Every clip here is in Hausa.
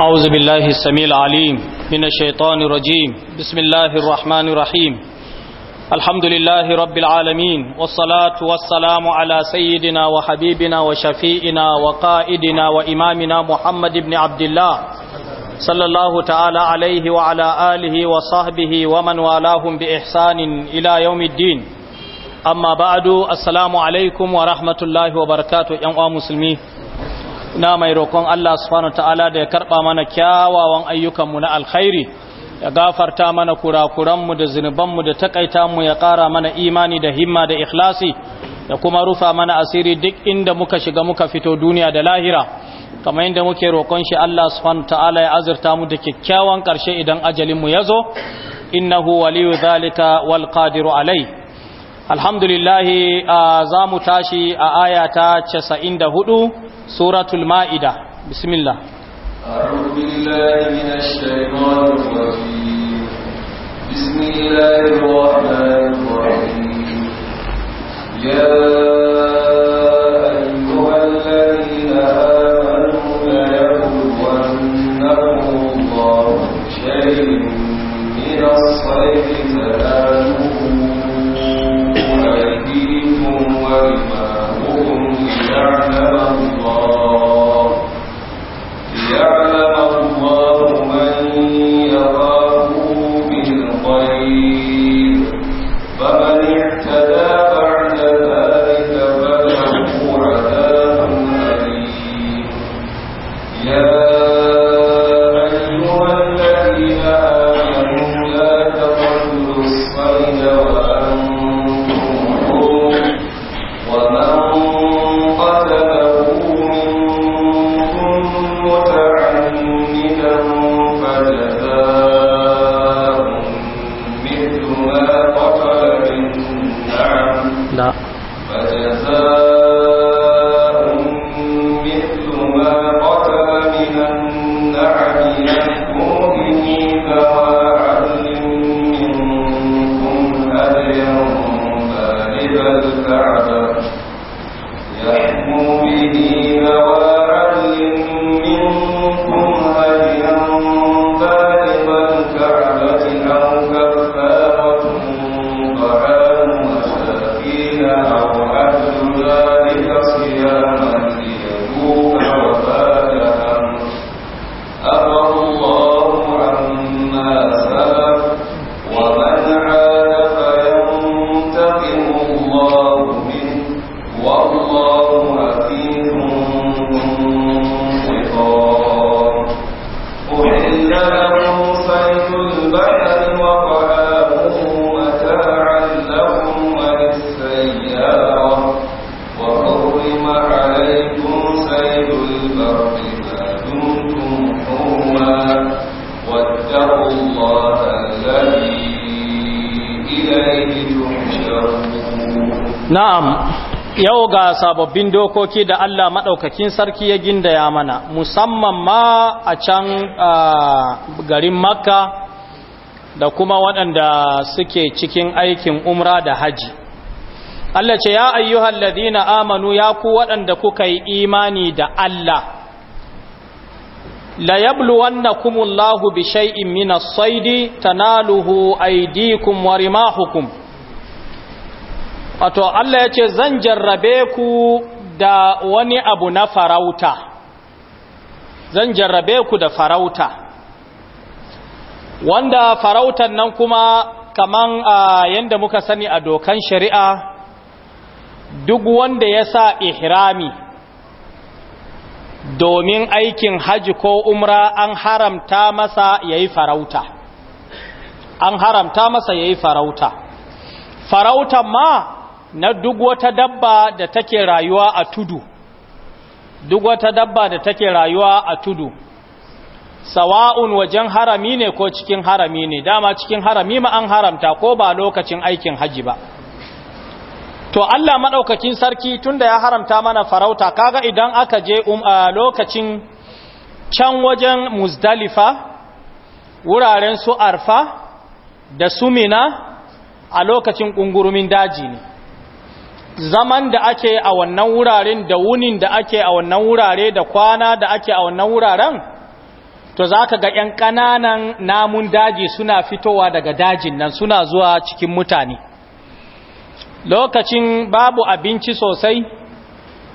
أعوذ بالله السميع العليم من الشيطان الرجيم بسم الله الرحمن الرحيم الحمد لله رب العالمين والصلاة والسلام على سيدنا وحبيبنا وشفيئنا وقائدنا وإمامنا محمد بن عبد الله صلى الله تعالى عليه وعلى آله وصحبه ومن والاهم بإحسان إلى يوم الدين أما بعد السلام عليكم ورحمة الله وبركاته يا مسلمين na mai roƙon Allah subhanahu ta'ala da ya karɓa mana kyawawan ayyukanmu na alkhairi ya gafarta mana kurakuranmu da zunubanmu da takaita mu ya ƙara mana imani da himma da ikhlasi da kuma rufa mana asiri duk inda muka shiga muka fito duniya da lahira kamar inda muke roƙon shi Allah subhanahu ta'ala ya azurta mu da kyakkyawan ƙarshe idan ajalinmu ya zo innahu waliyu zalika wal qadiru alai lillahi za mu tashi a aya ta 94 سورة المائدة بسم الله أعوذ بالله من الشيطان الرجيم بسم الله الرحمن الرحيم يا أيها الذين آمنوا لا الله شيء من الصيد sababbin dokoki da Allah maɗaukakin sarki ya gindaya mana musamman ma a can garin makka da kuma waɗanda suke cikin aikin umra da haji Allah ce ya ayyuhal ladina amanu ya ku waɗanda kuka yi imani da Allah la yabluwannakumullahu bi shay'in minas saidi tanaluhu aydikum wa rimahukum wato Allah ya ce zan jarrabe ku da wani abu na farauta zan jarrabe ku da farauta wanda farautan nan kuma kaman yadda muka sani a dokan shari'a duk wanda ya sa ihrami domin aikin haji ko umra an haramta masa ya yi farauta an haramta masa ya yi farauta farautan ma na duk wata dabba da take rayuwa a tudu duk wata dabba da take rayuwa a tudu sawa'un wajen harami ne ko cikin harami ne dama cikin harami ma an haramta ko ba lokacin aikin haji ba to Allah madaukakin sarki tunda ya haramta mana farauta kaga idan aka je um, a lokacin can wajen muzdalifa wuraren su arfa da sumina a lokacin kungurumin daji ne zaman da ake a wannan wuraren da wunin da ake a wannan wurare da kwana da ake a wannan wuraren to za ka ga 'yan ƙananan namun daji suna fitowa daga dajin nan suna zuwa cikin mutane lokacin babu abinci sosai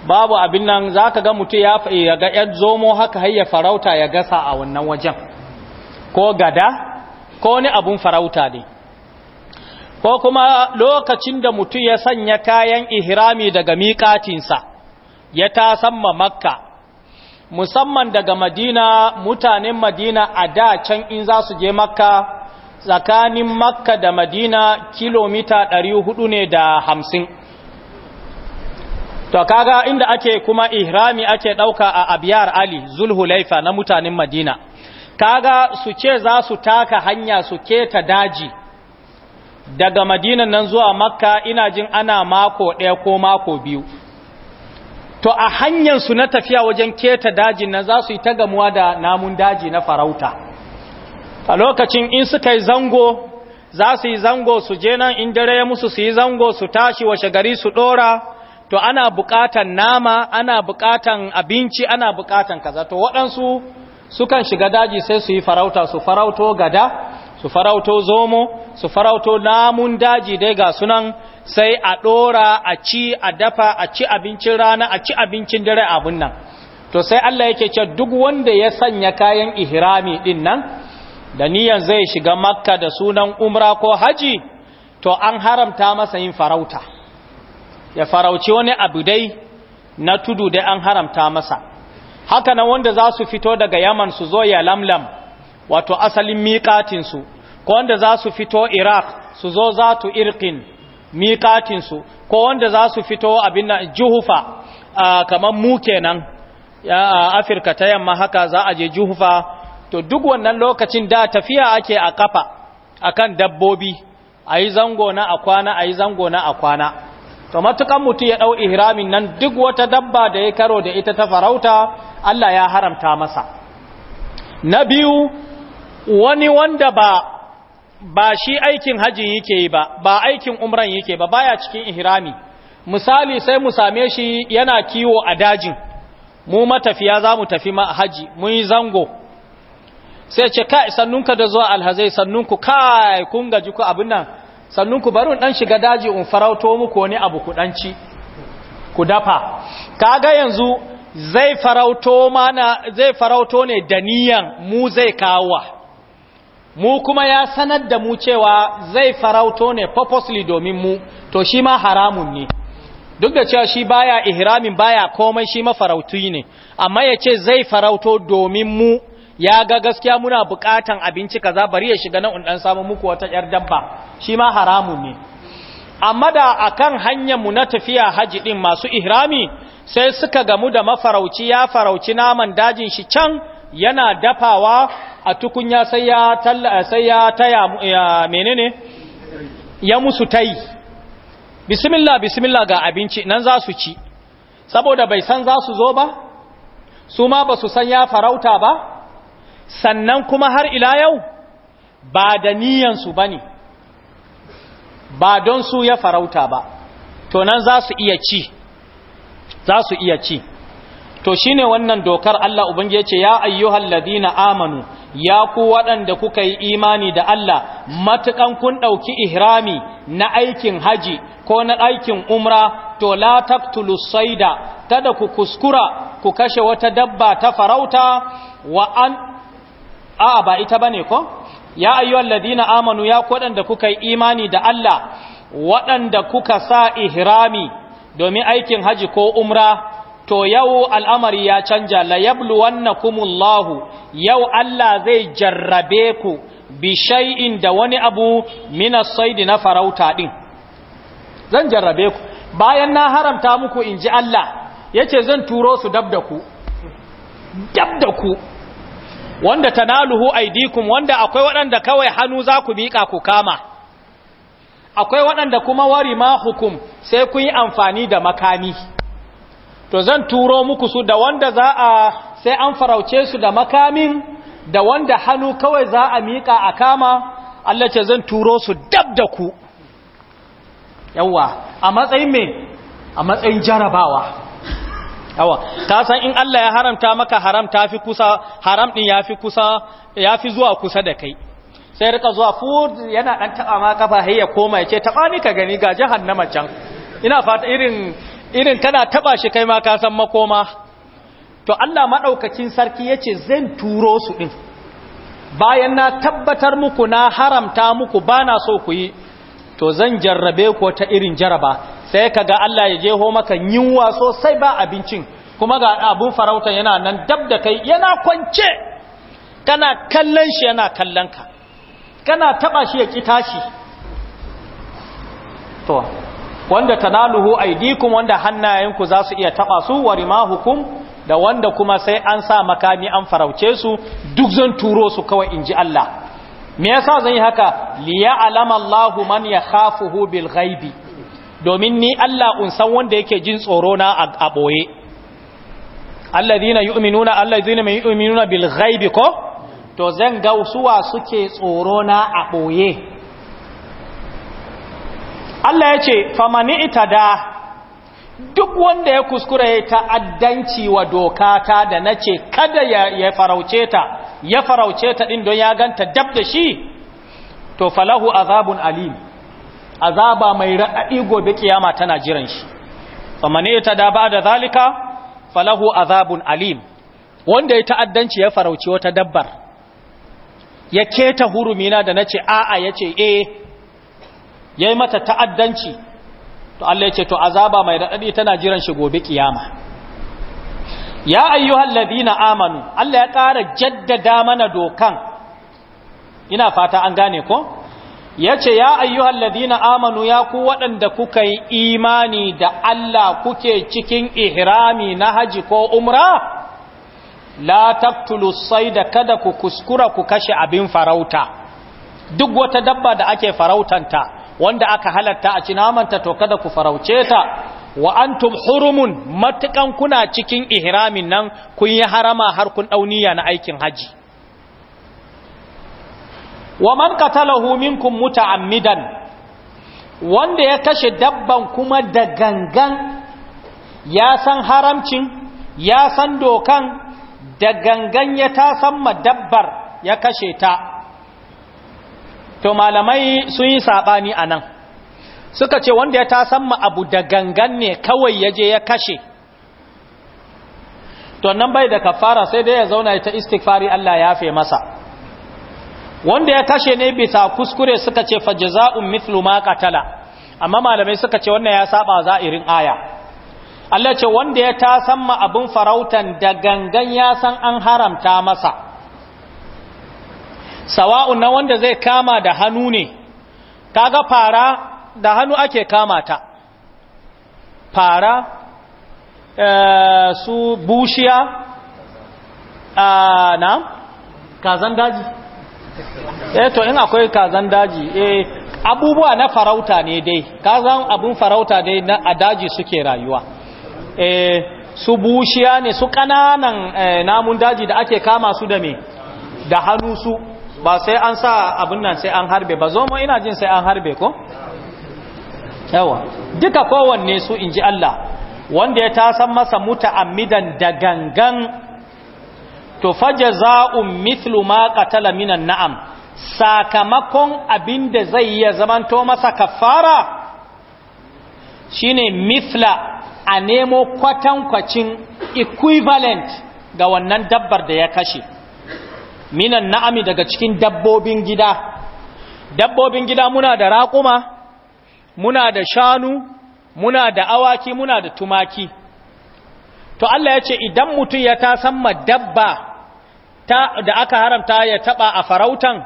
babu abin nan za ka ga mutu ya ga 'yan zomo haka hayya farauta ya gasa a wannan wajen ko gada ko ni abun farauta ne ko kuma lokacin da mutum ya sanya kayan ihrami daga miƙatinsa ya tasamma makka musamman daga madina mutanen madina a da can in za su je makka tsakanin makka da madina kilomita 400 ne da hamsin to kaga inda ake kuma ihrami ake ɗauka a abiyar ali zulhulaifa na mutanen madina kaga su ce za su taka hanya su keta daji daga madinan nan zuwa makka ina jin ana mako ɗaya ko mako biyu to a su na tafiya wajen keta dajin nan za su yi ta gamuwa da namun daji na farauta a lokacin in suka yi zango za su yi zango su je nan in dare ya musu su yi zango su tashi washe gari su ɗora to ana buƙatan nama ana buƙatan abinci ana buƙatan kaza to waɗansu sukan shiga daji sai su yi farauta su farauto gada su farauto zomo su farauto namun daji dai ga sunan sai a ɗora a ci a dafa a ci abincin rana a ci abincin dare abun nan to sai Allah yake ce duk wanda ya sanya kayan ihrami din nan da niyan zai shiga makka da sunan umra ko haji to an haramta masa yin farauta ya farauci wani abu dai na tudu dai an haramta masa haka nan wanda za su fito daga yaman su zo ya lamlam wato asalin miƙatinsu ko wanda za su fito iraq su zo za tu irkin miƙatinsu ko wanda za su fito abin na juhufa kamar mu kenan a afirka ta yamma haka za a je juhufa to duk wannan lokacin da tafiya ake a kafa akan dabbobi a yi zango na a kwana a yi zango na a kwana to matukan mutum ya ɗau ihramin nan duk wata dabba da ya karo da ita ta farauta Allah ya haramta masa na biyu wani wanda ba ba shi aikin hajjin yake yi ba ba aikin umran yake ba baya cikin ihrami misali sai mu same shi yana kiwo a dajin mu matafiya za mu tafi haji mun yi zango sai ce kai sannunka da zuwa alhazai sannunku kai kun gaji ku abin nan sannunku bari dan shiga daji in farauto muku wani abu ku danci ku dafa kaga yanzu zai farauto mana zai farauto ne da niyan mu zai kawo mu kuma ya sanar da mu cewa zai farauto ne purposely domin mu to shi ma haramun ne duk da cewa shi baya ihramin baya komai shi ma farautu ne amma ya ce zai farauto domin mu ya ga gaskiya muna bukatan abinci kaza bari ya shiga nan dan samu muku wata yar dabba shi ma haramun ne amma da akan hanyar mu na tafiya haji din masu ihrami sai suka gamu da mafarauci ya farauci naman dajin shi can yana dafawa a tukunya sai ya talla sai ya taya menene ya musu tai bismillah bismillah ga abinci nan za su ci saboda bai san za su zo ba su ma ba su san ya farauta ba sannan kuma har ila yau ba da niyansu ba ne ba don su ya farauta ba to nan za su iya ci za su iya ci to shine wannan dokar Allah ubangi yace ya ayyuhal ladina amanu ya ku waɗanda kuka yi imani da Allah matukan kun ɗauki ihrami na aikin haji ko na aikin umra to la taqtulu sayda kada ku kuskura ku kashe wata dabba ta farauta wa an a ba ita bane ko ya ayyuhal ladina amanu ya ku waɗanda kuka yi imani da Allah waɗanda kuka sa ihrami domin aikin haji ko umra to yau al'amari ya canja la yablu kumullahu yau Allah zai jarrabe ku bi shay'in da wani abu minas saidi na farauta din zan jarrabe ku bayan na haramta muku in ji Allah yace zan turo su dab da ku dab ku wanda tanaluhu aidikum wanda akwai waɗanda kawai hannu za ku miƙa ku kama akwai waɗanda kuma wari ma hukum sai kun yi amfani da makami to zan turo muku su da wanda za a sai an farauce su da makamin da wanda hannu kawai za a miƙa a kama Allah ce zan turo su dab da ku yawa a matsayin mai. a matsayin jarabawa yawa ta san in Allah ya haramta maka haram ta fi kusa haram din ya fi kusa ya fi zuwa kusa da kai sai rika zuwa fur yana dan taɓa ma kafa hayya koma ya ce taɓa ni ka gani ga jihar na can ina fata irin irin tana taba shi kai ma ka san makoma to Allah madaukakin sarki yace zan turo su din bayan na tabbatar muku na haramta muku bana so ku yi to zan jarrabe ku ta irin jaraba sai kaga Allah ya je jeho maka yinwa sosai ba abincin kuma ga abun farauta yana nan dab da kai yana kwance kana kallon shi yana kallon ka kana taba shi ya kita shi to wanda tanaluhu aidikum wanda hannayenku za su iya taba su wa rimahukum da wanda kuma sai an sa makami an farauce su duk zan turo su kawai inji Allah me yasa zan yi haka liya'lama Allahu man yakhafuhu bil ghaibi domin ni Allah un san wanda yake jin tsoro na a boye alladhina yu'minuna alladhina yu'minuna bil ghaibi ko to zan ga suwa suke tsoro na a boye Allah ya ce famani da duk wanda ya kuskura ya ta'addanci wa doka ta da na ce kada ya farauce ta ya farauce ta ɗin don ya ganta dab da shi to falahu azabun alim azaba mai raɗaɗi gobe kiyama tana jiran shi Famani ta da ba da zalika falahu azabun alim wanda ya ta'addanci ya farauci wata dabbar ya keta hurumina da na ce a'a yace ce eh ya yi mata ta'addanci to Allah ya ce to azaba mai raɗaɗi tana jiran shi gobe ƙiyama. ya ayyuhal ladina amanu Allah ya ƙara jaddada mana dokan ina fata an gane ko ya ce ya ayyuhal ladina amanu ya ku waɗanda kuka yi imani da Allah kuke cikin ihrami na haji ko umra la sai da kada ku kuskura ku kashe abin farauta duk wata dabba da ake farautanta wanda aka halatta a ci ta to kada ku farauce ta wa antum hurumun matukan kuna cikin ihramin nan kun yi harama har kun dauniya na aikin haji wa man qatalahu minkum muta'ammidan wanda ya kashe dabban kuma da gangan ya san haramcin ya san dokan da gangan ya tasamma dabbar ya kashe ta to malamai sun yi saɓani a nan suka ce wanda ya tasamma abu da gangan ne kawai ya je ya kashe to nan bai da kafara sai dai ya zauna ta istighfari Allah ya fe masa wanda ya kashe ne bisa kuskure suka ce fajza'un mithlu ma qatala amma malamai suka ce wannan ya saba irin aya Allah ce wanda ya ma abun farautan da gangan ya san an haramta masa sawa'un na wanda zai kama da hannu ne kaga fara da hannu ake kama ta fara eh, su bushiya a na kazan daji eh to in akwai kazan daji eh abubuwa na farauta ne dai kazan abun farauta dai na a daji suke rayuwa eh su bushiya ne su kananan eh, namun daji da ake kama su da me da hannu su ba sai an sa abin nan sai an harbe ba zo mu ina jin sai an harbe ko yawa duka kowanne su inji Allah wanda ya tasan masa muta'ammidan da gangan to fajaza'un mithlu ma qatala minan na'am sakamakon abin da zai ya zaman to masa kafara shine mithla a nemo kwatankwacin equivalent ga wannan dabbar da ya kashe minan na'ami daga cikin dabbobin gida dabbobin gida muna da raƙuma muna da shanu muna da awaki muna da tumaki to Allah ya ce idan mutum ya tasamma dabba ta, da aka haramta ya taba a farautan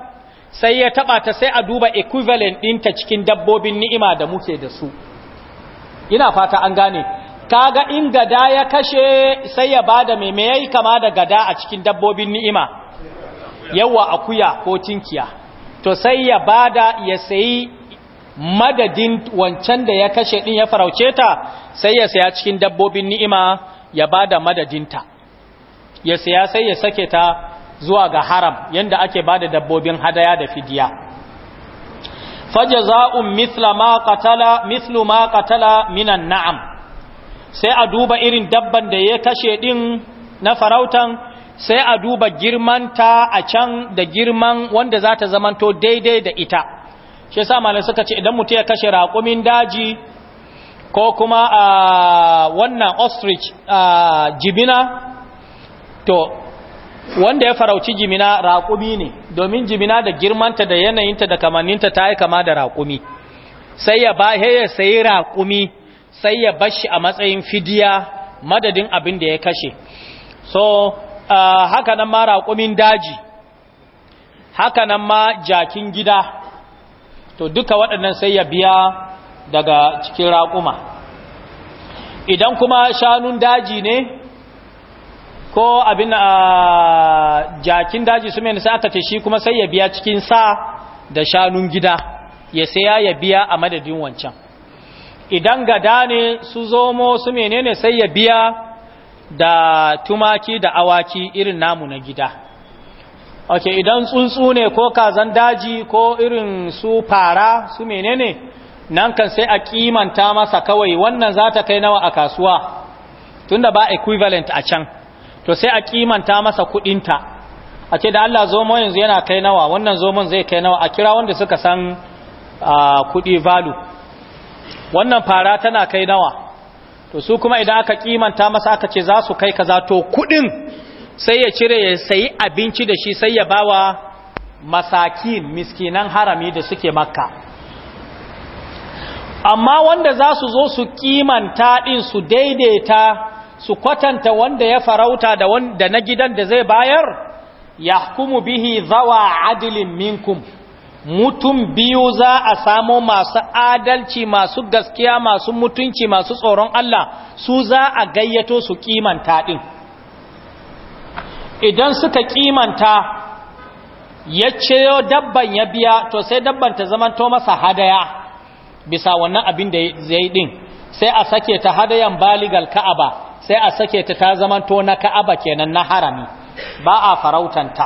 sai ya taba ta sai a duba equivalent ɗinta cikin dabbobin ni'ima da muke da su ina fata an gane kaga in gada ya kashe sai ya bada mai mai kama da gada a cikin dabbobin ni'ima yawa akuya ko tinkiya to sai ya bada ya sayi madadin wancan da ya kashe din ya farauce ta sai ya saya cikin dabbobin ni'ima ya bada madadinta ya saya sai ya sake ta zuwa ga haram yanda ake bada dabbobin hadaya da fidiya fajaza'un mithla ma qatala mithlu ma qatala minan na'am sai a duba irin dabban da ya kashe din na farautan sai a duba girmanta a can da girman wanda za ta zamanto daidai da ita shi sa malin suka ce idan mutu ya kashe raƙumin daji ko kuma a wannan ostrich a jimina to wanda ya farauci jimina raƙumi ne domin jimina da girmanta da yanayinta da kamanninta ta yi kama da raƙumi sai ya ba ya sayi raƙumi sai ya bashi a matsayin fidiya madadin abin da ya kashe so Ah, haka nan ma raƙumin daji haka nan ma jakin gida to duka waɗannan sai ya biya daga cikin raƙuma idan kuma shanun daji ne ko abin a ah, jakin daji su mai nisa aka shi kuma sai ya biya cikin sa da shanun gida ya saya ya biya a madadin wancan idan gada ne su zomo su menene sai ya biya da tumaki da awaki irin namu na gida ok idan tsuntsu ne ko kazan daji ko irin su fara su menene nan kan sai a kimanta masa kawai wannan za ta kai nawa a kasuwa tunda ba equivalent a can to sai a kimanta masa kudinta a ce da Allah zomo yanzu yana kai nawa wannan zomon zai kai nawa a kira wanda suka san ah, kudi value wannan fara tana kai nawa to su kuma idan aka kimanta masa aka ce za su kai kaza to kudin sai ya cire ya sayi abinci da shi sai ya bawa masakin miskinan harami da suke makka amma wanda za su zo su kimanta din su daidaita su kwatanta wanda ya farauta da na gidan da zai bayar yahkumu bihi zawa adilin minkum mutum biyu za a samo masu adalci masu gaskiya masu mutunci masu tsoron Allah su za a gayyato su kimanta din idan suka kimanta ya ciyo dabban ya biya to sai dabban ta zamanto masa hadaya bisa wannan abin da zai din sai a sake ta hadayan baligal ka'aba sai a sake ta ta zamanto na ka'aba kenan na harami ba a farautanta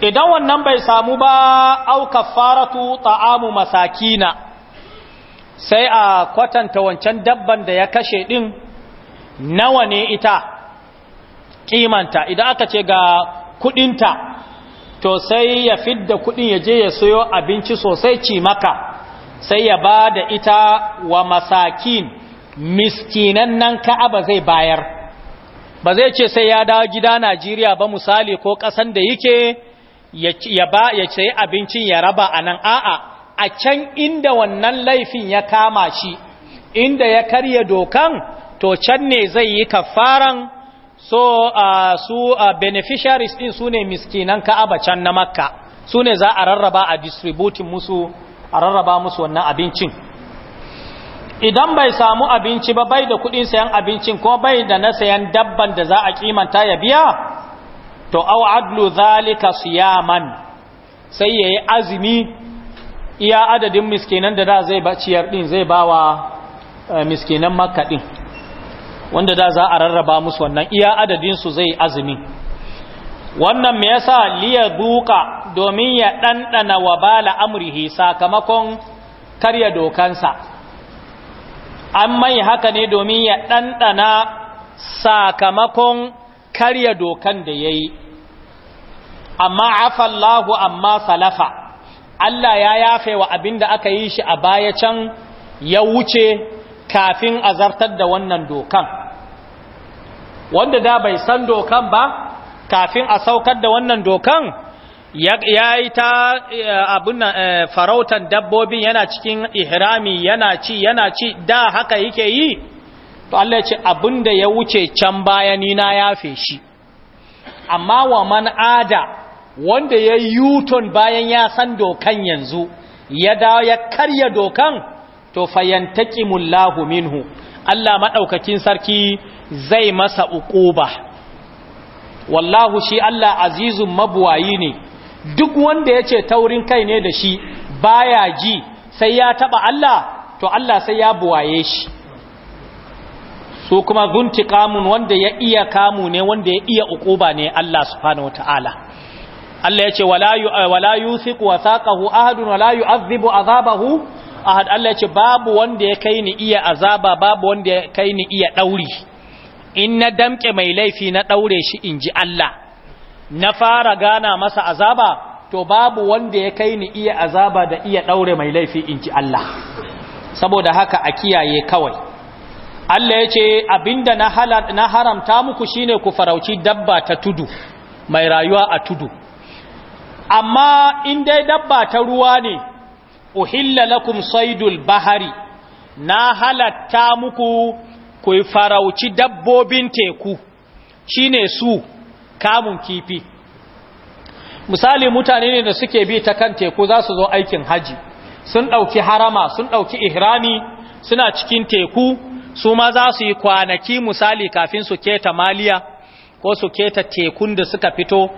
idan wannan bai samu ba au kafaratu ta'amu masakina sai a kwatanta wancan dabban da ya kashe din nawa ne ita kimanta idan aka ce ga kudinta to sai ya fidda kudin ya je ya soyo abinci sosai ci maka sai ya ba da ita wa masakin miskinan nan ka'aba zai bayar ba zai ce sai ya dawo gida Najeriya ba misali ko kasan da yake ya ce abincin ya raba a nan a'a a can inda wannan laifin ya kama shi inda ya karya dokan to can ne zai yi kafaran so su uh, beneficiaries din su ne miskinan ka'aba can na makka su ne za a rarraba a distributing musu a rarraba musu wannan abincin idan bai samu abinci ba bai da kudin sayan abincin ko bai da na sayan dabban da za a kimanta ya biya to au adlu zalika siyaman sai yayi azumi iya adadin miskinan da da zai baciyar din zai bawa eh, miskinan makka din wanda da za a rarraba musu wannan iya adadin su zai azumi wannan me yasa liya duka domin ya dandana bala amrihi sakamakon karya dokansa an mai haka ne domin ya dandana sakamakon karya dokan da yayi amma afallahu amma salafa Allah ya yafe wa abin da aka yi shi a baya can ya wuce kafin a zartar da wannan dokan wanda da bai san dokan ba kafin a saukar da wannan dokan ya yi ta eh, abin eh, farautan dabbobin yana cikin ihrami yana ci yana ci da haka yake yi to Allah ya ce abin da ya wuce can baya ni na yafe shi amma wa man ada wanda ya yi yuton bayan ya san dokan yanzu ya dawo ya karya dokan to mullahu minhu Allah madaukakin sarki zai masa uquba wallahu shi Allah azizun mabuwayi ne duk wanda yace taurin kai ne da shi baya ji sai ya taɓa Allah to Allah sai ya buwaye shi su kuma zuntiqamun wanda ya iya kamu ne wanda ya iya uquba ne Allah subhanahu wataala Allah ya ce eh, wala yuthiqu wathaqahu ahadun wala yu'adhibu azabahu ahad Allah ya ce babu wanda ya kai ni iya azaba babu wanda ya kai ni iya dauri in na damke mai laifi na daure shi inji Allah na fara gana masa azaba to babu wanda ya kai ni iya azaba da iya daure mai laifi inji Allah saboda haka a kiyaye kawai Allah ya ce abinda na haramta muku shine ku farauci dabba ta tudu mai rayuwa a tudu amma in dai dabba ta ruwa ne uhilla lakum saidul bahari na halatta muku ku farauci dabbobin teku shine su kamun kifi misali mutane ne da suke bi ta kan teku za su zo aikin haji sun ɗauki harama sun ɗauki ihrami suna cikin teku su ma za su yi kwanaki misali kafin su keta maliya ko su keta tekun da suka fito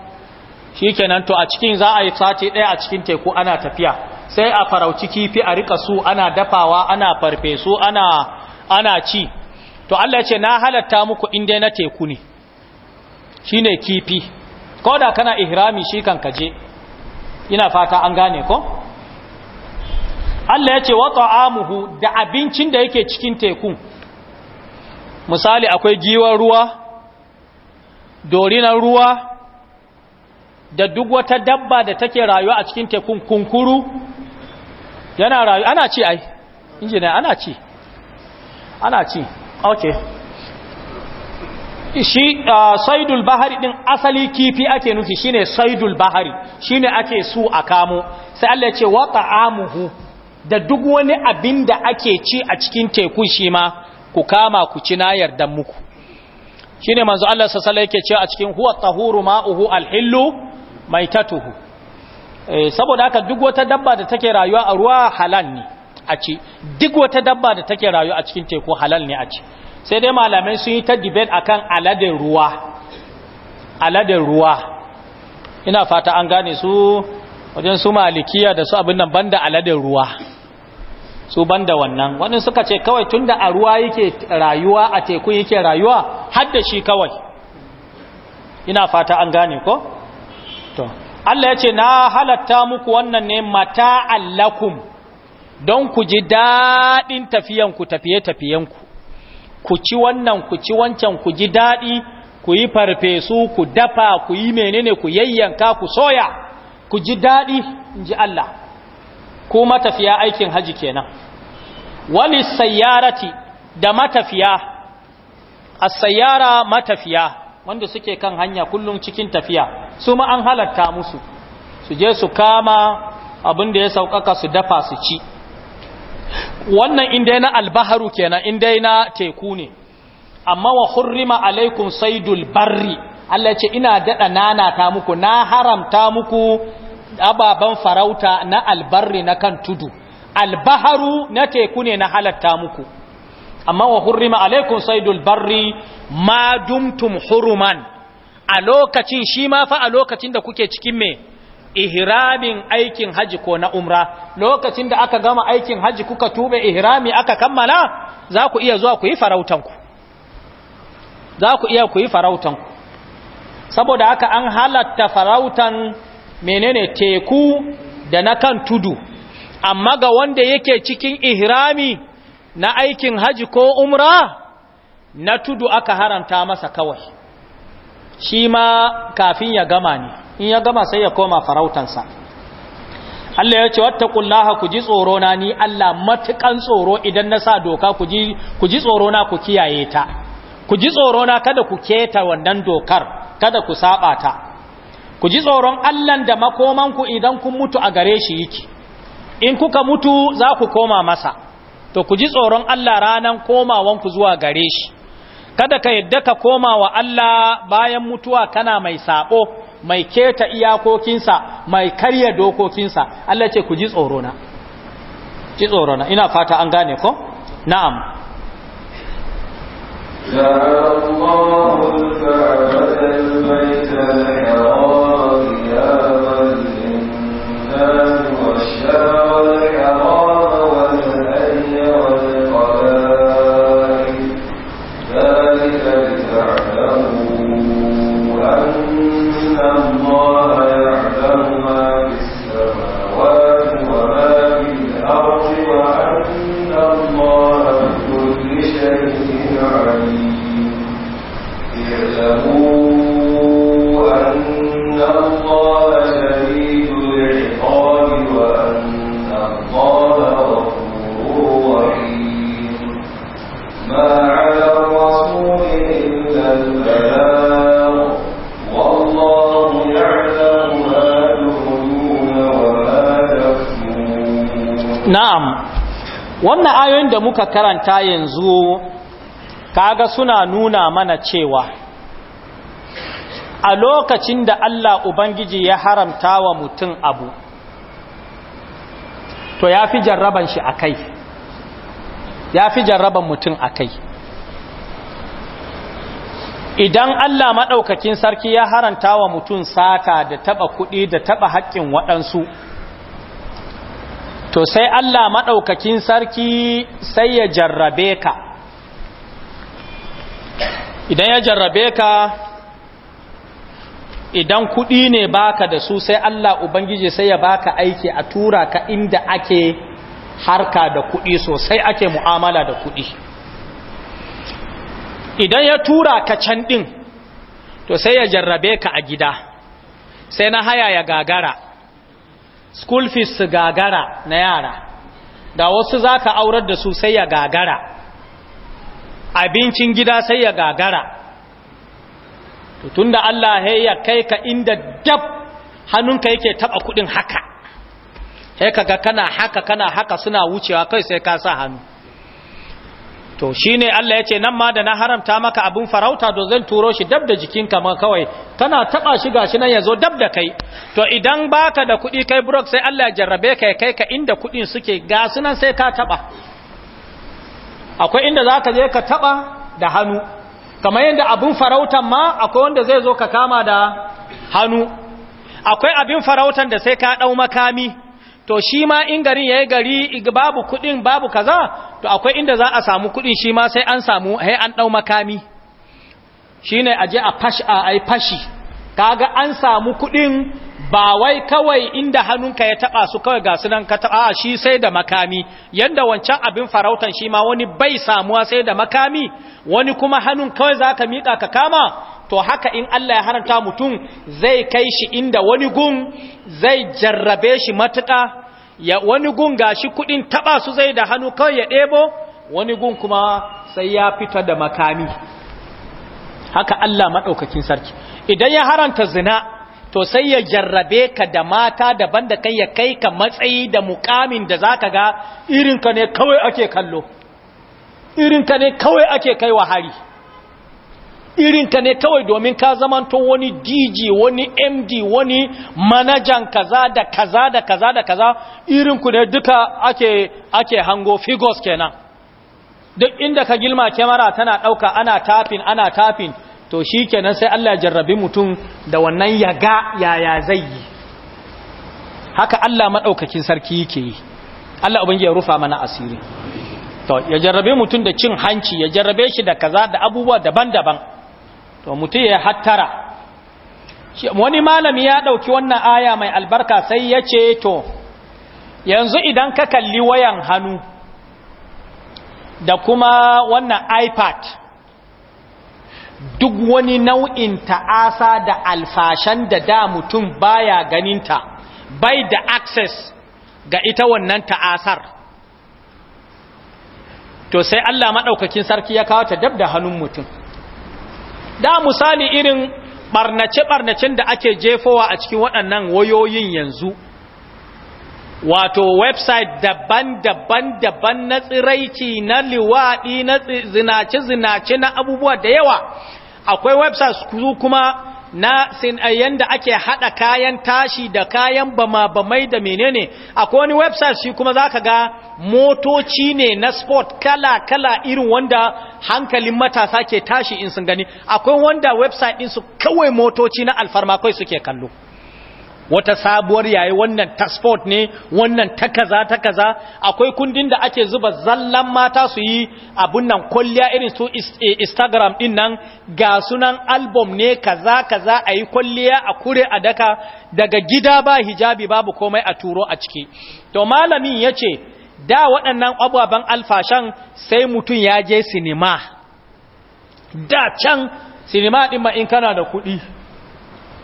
shi kenan to a cikin za a yi sati ɗaya a cikin teku ana tafiya sai a farauci kifi a rika su ana dafawa ana farfesu ana ana ci to Allah ce na halatta muku inda na teku ne shine kifi ko da kana ihrami shi kan kaje ina fata an gane ko Allah ya ce wa ta'amuhu da abincin da yake cikin teku misali akwai giwar ruwa dorinan ruwa da duk wata dabba da take rayuwa a cikin tekun kunkuru yana rayuwa ana ci ai injina ana ci ana ci Okay. shi uh, saidul bahari din asali kifi ake nufi shine saidul bahari shine ake su a kamo sai Allah ya ce wa ta'amuhu da duk wani abin da ake ci a cikin teku shi ma ku kama ku ci na yardan muku shine manzo Allah sallallahu alaihi wasallam yake cewa a cikin huwa tahuru ma'uhu alhillu Mai maitatuhu e, saboda haka duk wata dabba da take rayuwa a ruwa halal ne a ci duk wata dabba da take rayuwa a cikin teku halal ne a ci sai dai malamai sun yi ta debate akan aladin ruwa aladin ruwa ina fata an gane su wajen su malikiya da su abin nan banda aladin ruwa su banda wannan wani suka ce kawai tunda a ruwa yake rayuwa a teku yake rayuwa har shi kawai ina fata an gane ko to Allah ya ce na halatta muku wannan ne mata allakum don ku ji daɗin tafiyanku tafiye-tafiyenku ku ci wannan ku ci wancan ku ji daɗi ku yi farfesu ku dafa ku yi menene ku yayyanka ku soya ku ji daɗi in ji Allah ku matafiya aikin haji kenan wani sayyarati da matafiya a sayyara matafiya wanda suke kan hanya kullum cikin tafiya su ma an halatta musu su je su kama abin da ya sauƙaƙa su dafa su ci wannan inda na albaharu kenan inda na teku ne amma wa hurrima alaikum saidul barri Allah ce ina daɗa nanata muku na haramta muku ababen farauta na albarri na kan tudu albaharu na teku ne na halatta muku amma wa hurrima alaikum saidul barri ma dumtum huruman a lokacin shi ma fa a lokacin da kuke cikin me ihramin aikin haji ko na umra lokacin da aka gama aikin haji kuka tube ihrami aka kammala za ku iya zuwa ku yi farautanku za ku iya ku yi farautanku saboda haka an halatta farautan menene teku da na kan tudu amma ga wanda yake cikin ihrami na aikin haji ko umra na tudu aka haramta masa kawai shi ma kafin ya gama ne in ya gama sai ya koma farautansa Allah ya ce kullaha ku ji tsoro na ni Allah matukan tsoro idan na sa doka ku ji ku tsoro na ku kiyaye ta ku ji tsoro na kada ku keta wannan dokar kada ku saba ta ku ji tsoron Allah da makomanku idan kun mutu a gare shi yake in kuka mutu za ku koma masa to ku ji tsoron Allah ranan komawanku zuwa gare shi kada ka yadda ka koma wa Allah bayan mutuwa kana mai sako mai keta iyakokinsa mai karya dokokinsa Allah ce ku ji tsorona ji tsorona ina fata an gane ko na'am جعل الله الكعبة البيت الحرام wannan ayoyin da muka karanta yanzu kaga suna nuna mana cewa a lokacin da Allah Ubangiji ya haramta wa mutum abu to ya fi jarraban shi a ya fi jarraban mutum a idan Allah maɗaukakin sarki ya haramta wa mutum sata da taɓa kuɗi da taɓa haƙƙin waɗansu to sai Allah maɗaukakin sarki sai ya jarrabe ka idan ya jarrabe ka idan kuɗi ne baka da su sai Allah Ubangiji sai ya baka aiki a tura ka inda ake harka da kuɗi sosai ake mu'amala da kuɗi idan ya tura ka can ɗin to sai ya jarrabe ka a gida sai na haya ya gagara school fees su gagara na yara da wasu za ka aurar da su sai ya gagara abincin gida sai ya gagara tun da Allah ya kai ka inda dab hannunka yake taba kudin haka sai kaga kana haka kana haka suna wucewa kai sai ka sa hannu to shi ne Allah ya ce nan ma da na haramta maka abin farauta to zan turo shi dab da jikinka ma kawai kana taba shi gashi nan yazo dab da kai to idan baka da kuɗi kai brok sai Allah ya jarrabe ka kai ka inda kuɗin suke ga sunan sai ka taba akwai inda zaka je ka taba da hannu kamar yadda abin farautan ma akwai wanda zai zo ka kama da hannu akwai abin farautan da sai ka ɗau makami to shi ma in garin yi gari babu kudin babu kaza to akwai inda za a samu kudin shi ma sai an samu hai an dau makami Shi aje a fashi a ai fashi kaga an samu kudin ba wai kawai inda hannunka ya taba su kawai ga sunan ka taba a shi sai da makami yanda wancan abin farautan shi ma wani bai samuwa sai da makami wani kuma hannun kawai za ka mika ka kama to haka in Allah ya haranta mutum zai kai shi inda wani gun zai jarrabe shi matuka, ya wani gun gashi kuɗin taɓa su zai da hannu kawai ya ɗebo wani gun kuma sai ya fita da makami haka Allah maɗaukakin sarki idan ya haranta zina to sai ya jarrabe ka da mata daban da kai ya kai ka matsayi da mukamin da za ka ga irinka ne kawai ake kallo irinka ne kawai ake kai wa hari irinka ne kawai domin ka zamanto wani DG wani md wani manajan kaza da kaza da kaza da kaza irinku ne duka ake, ake hango figos kenan duk inda ka gilma kyamara tana ɗauka ana tafin ana tafin to shi kenan sai allah ya jarrabi mutum da wannan ya ga yaya zai yi haka allah maɗaukakin sarki yake yi allah ubangi ya rufa mana asiri ya jarrabe mutum da cin hanci ya jarrabe shi da kaza da abubuwa daban-daban to mutum ya hattara wani malami ya ɗauki wannan aya mai albarka sai ya ce to yanzu idan ka kalli wayan hannu da kuma wannan ipad duk wani nau'in ta'asa da alfashan da da mutum baya ganinta bai da access ga ita wannan ta'asar to sai Allah maɗaukakin sarki ya kawo ta dab da hannun mutum da misali irin barnace-barnacen da ake jefowa a cikin waɗannan wayoyin yanzu wato website daban-daban daban na tsiraici na liwaɗi na zinace-zinace na abubuwa da yawa akwai websites kuma na sinayen da ake hada kayan tashi da kayan bama-bamai da menene akwai wani website shi kuma zaka ga motoci ne na sport kala-kala irin wanda hankalin matasa ke tashi in sun gani akwai wanda website su kawai motoci na alfarma kai suke kallo wata sabuwar yayi wannan passport ne wannan ta kaza ta kaza akwai kundin da ake zuba zallan mata su yi abun nan kwalliya irin su eh, instagram din nan ga sunan album ne kaza kaza a yi kwalliya a kure a daka daga gida ba hijabi babu komai a turo a ciki to malamin ya ce da waɗannan ababen alfashan sai mutum ya je sinima da can sinima ɗin ma in kana da kuɗi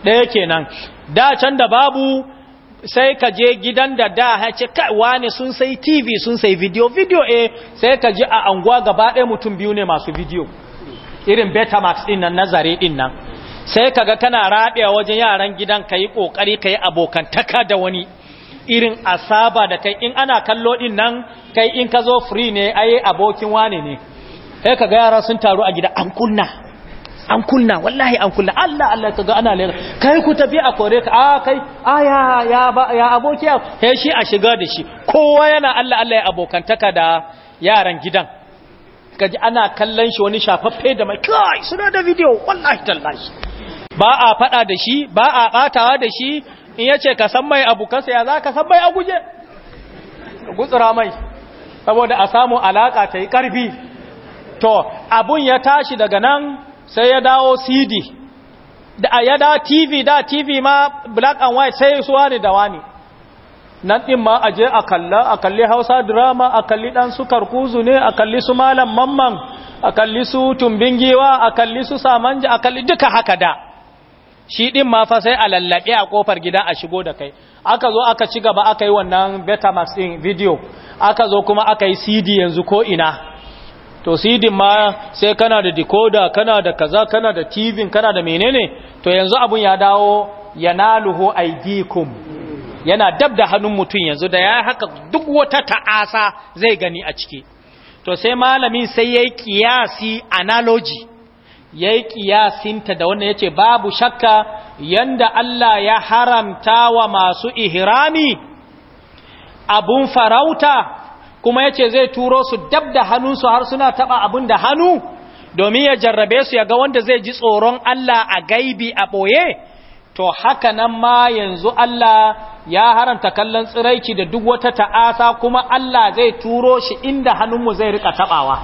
ɗaya kenan da can da babu sai ka je gidan da da hace wane sun sai tv sun sai video video eh sai ka ji a anguwa gaba ɗaya mutum biyu ne masu video irin betamax din nan nazare din nan sai kaga kana rabiya wajen yaran gidan kayi kokari kai abokantaka da wani irin asaba da kai in ana kallo din nan kai in ka zo free ne ai abokin wane ne sai kaga yara sun taru a gida an kunna an kunna wallahi an kunna Allah Allah ka ga ana lera kai ku tafi a kore ka a kai aya ya ya aboki ya he shi a shiga da shi kowa yana Allah Allah ya abokantaka da yaran gidan kaji ana kallon shi wani shafaffe da mai kai suna da video wallahi tallahi ba a fada da shi ba a katawa da shi in yace ka san mai abu kansa ya za ka san mai aguje gutsura mai saboda a samu alaka ta yi karfi to abun ya tashi daga nan sai ya dawo cd da ya da tv da tv ma black and white sai su wani da wani nan ɗin ma a je a kalla a kalli hausa drama a kalli ɗan su karkuzu ne a kalli su malam mamman a kalli su tumbin giwa a kalli su samanja a kalli duka haka da shi ɗin ma fa sai a lallaɓe a ƙofar gida a shigo da kai aka zo aka ci gaba aka yi wannan betamax ɗin video aka zo kuma aka yi cd yanzu ko ina to sidin ma sai kana da decoder kana da kaza kana da tv kana da menene to yanzu abun ya dawo yanaluhu aidikum yana dab da hannun mutum yanzu da ya haka duk wata ta'asa zai gani a ciki to sai malamin sai yayi kiyasi analogy yayi kiyasinta da wannan yace babu shakka yanda Allah ya haramta wa masu ihrami abun farauta kuma ya ce zai turo su dab da hannunsu har suna taɓa abin da hannu domin ya jarrabe su ya ga wanda zai ji tsoron Allah a gaibi a ɓoye to haka nan ma yanzu Allah ya haranta kallon tsiraici da duk wata ta'asa kuma Allah zai turo shi inda hannunmu zai rika tabawa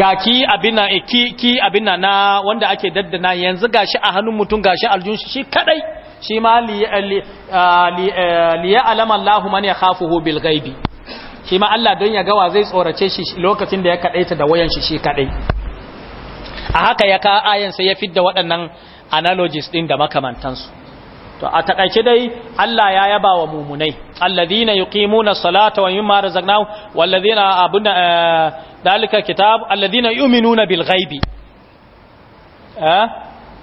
ga ki abina na eh, ki ki abina na wanda ake daddana yanzu gashi a hannun mutum gashi aljun shi shi kadai shi ma li eh, li, ah, eh, ya alama Allahu man yakhafuhu bil ghaibi shi ma Allah don ya gawa zai tsorace shi lokacin da ya kaɗaita da wayan shi shi kaɗai a haka ya ka ayan sai ya fidda waɗannan analogies ɗin da makamantansu to a takaice dai Allah ya yaba wa mumunai alladhina yuqimuna salata wa mimma walladhina eh, dalika kitab alladhina yu'minuna bil ghaibi eh?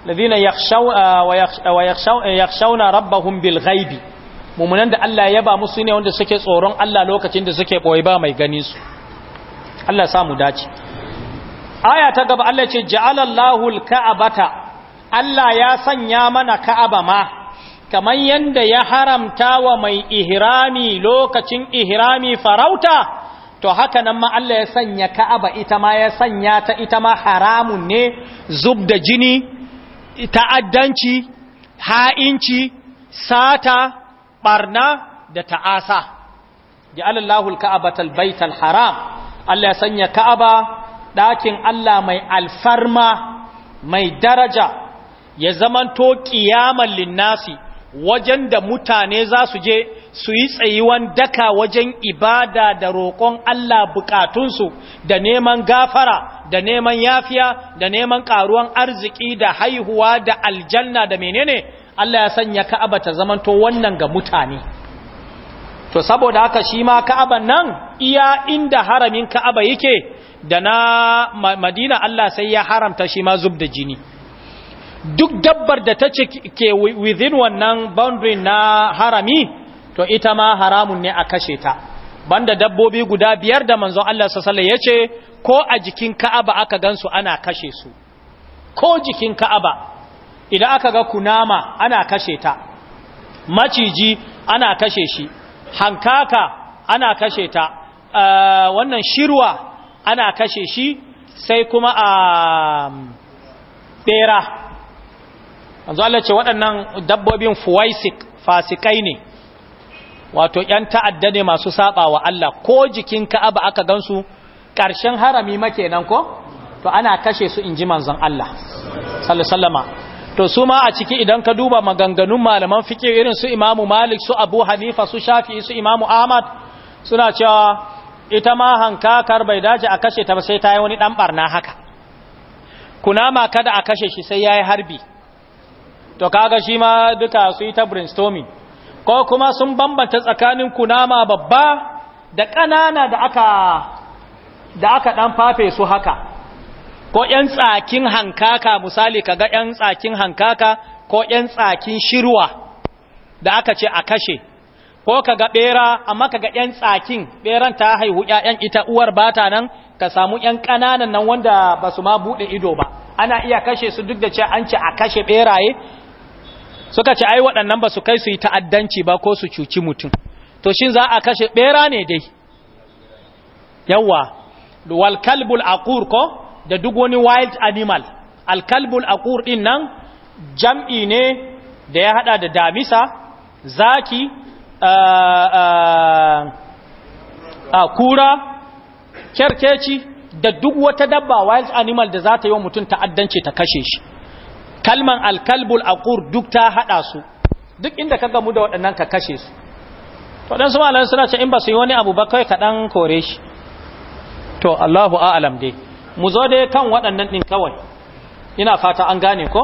alladhina yakhshaw eh, wa yakhshaw yakhshawna rabbahum bil ghaibi mumunan da Allah ya ba musu ne wanda suke tsoron Allah lokacin da suke boye ba mai gani su Allah ya samu dace aya ta gaba Allah ce ja'alallahu al-ka'abata Allah ya sanya mana ka'aba ma kamar yanda ya haramta wa mai ihrami lokacin ihrami farauta to haka nan ma Allah ya sanya ka'aba ita ma ya sanya ta ita ma haramun ne zub da jini ta'addanci ha'inci sata barna da ta'asa ya alallahu kaabatal baital haram Allah ya sanya ka'aba ɗakin Allah mai alfarma mai daraja ya zamanto ƙiyaman linnasi wajen da mutane za su je su yi tsayuwan daka wajen ibada da roƙon Allah bukatunsu da neman gafara da neman yafiya da neman ƙaruwan arziki da haihuwa da aljanna da menene Allah ya sanya Ka'aba ta zamanto wannan ga mutane to saboda haka shi ma Ka'aban nan iya inda haramin Ka'aba yake da na Madina Allah sai ya haramta shi ma zub da jini duk dabbar da ta ke within wannan boundary na harami to ita ma haramun ne a kashe ta banda dabbobi guda biyar da manzon Allah sallallahu alaihi wasallam ko a jikin Ka'aba aka gansu ana kashe su ko jikin Ka'aba idan aka ga kunama ana kashe ta maciji ana kashe shi hankaka ana kashe ta uh, wannan shirwa ana kashe shi sai kuma a ah, bera yanzu Allah ce waɗannan dabbobin fuwaisik fasikai ne wato ‘yan ta'adda ne masu saba wa Allah ko jikin ka'aba aka gansu ƙarshen harami makenan ko to ana kashe su in ji manzon Allah sallama to su ma a ciki idan ka duba maganganun malaman fiƙe irin su imamu malik su abu hanifa su shafi su imamu ahmad suna cewa ita ma hankakar bai dace a kashe ta ba sai ta yi wani ɗan ɓarna haka kunama kada a kashe shi sai ya yi harbi to kaga shi ma duka su yi ta brainstorming ko kuma sun bambanta tsakanin kunama babba da ƙanana da da aka ɗan fafe su haka ko ‘yan tsakin hankaka misali kaga ‘yan tsakin hankaka ko ‘yan tsakin shirwa da aka ce a kashe ko kaga ɓera amma kaga ‘yan tsakin ɓeran ta haihu ‘ya'yan ita uwar bata nan ka samu ‘yan ƙananan nan wanda ba su ma buɗe ido ba ana iya kashe su duk da ce an ce a kashe ɓeraye suka ce ai waɗannan ba su kai su yi ta'addanci ba ko su cuci mutum to shin za a kashe ɓera ne dai yawwa wal kalbul aqur ko da duk wani wild animal alkalbul aqur din nan jam'i ne da ya hada da damisa zaki a kura kerkeci da duk wata dabba wild animal da za ta yi wa mutum ta'addance ta kashe shi kalman alkalbul akur duk ta hada su duk inda ka gamu da waɗannan ka kashe su waɗansu malamai suna ce in ba su yi wani abu ba kai ka kore shi to allahu a'alam dai mu zo dai kan waɗannan ɗin kawai ina fata an gane ko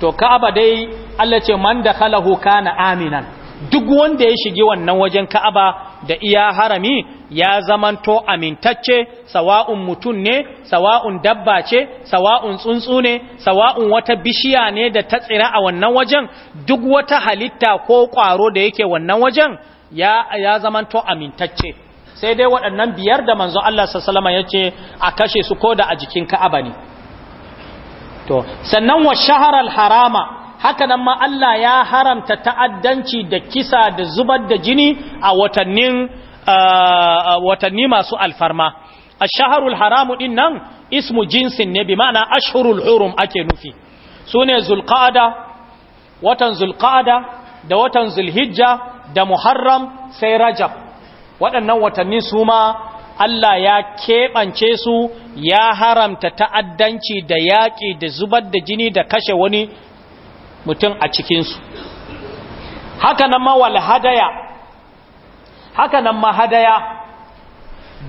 to ka'aba dai Allah ce man da khalahu kana aminan duk wanda ya shige wannan wajen ka'aba da iya harami ya zamanto amintacce sawa'un mutum ne sawa'un dabba ce sawa'un tsuntsu ne sawa'un wata bishiya ne da ta tsira a wannan wajen duk wata halitta ko ƙwaro da yake wannan wajen ya, ya zamanto amintacce sai dai waɗannan biyar da manzo Allah sallama ya ce a kashe su ko da a jikin ka'aba ne to sannan wa shaharar harama haka nan ma Allah ya haramta ta'addanci da kisa da zubar da jini a watannin watanni masu alfarma a shaharul haramu din nan ismu jinsin ne bi ma'ana ashhurul hurum ake nufi su ne watan zulqa'ada da watan zulhijja da muharram sai rajab waɗannan watanni su ma Allah ya keɓance su ya haramta ta'addanci da yaƙi da zubar da jini da kashe wani mutum a cikinsu haka nan mawal hadaya haka nan ma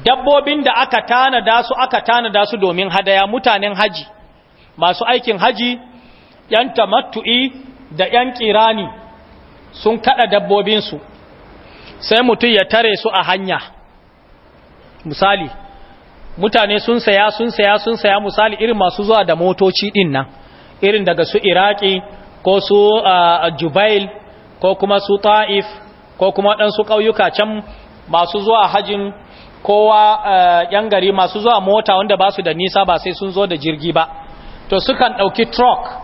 dabbobin da aka tanada su aka tanada su domin hadaya mutanen haji masu aikin haji ‘yan tamattu'i da ‘yan ƙirani sun kaɗa dabbobinsu sai mutum ya tare su a hanya misali mutane sun saya sun saya sun saya misali irin masu zuwa da motoci din nan irin daga su iraki ko su uh, jubail ko kuma su ta'if ko kuma ɗansu ƙauyuka can masu zuwa hajin kowa uh, yan gari masu zuwa mota wanda ba su da nisa ba sai sun zo da jirgi ba to sukan ɗauki truck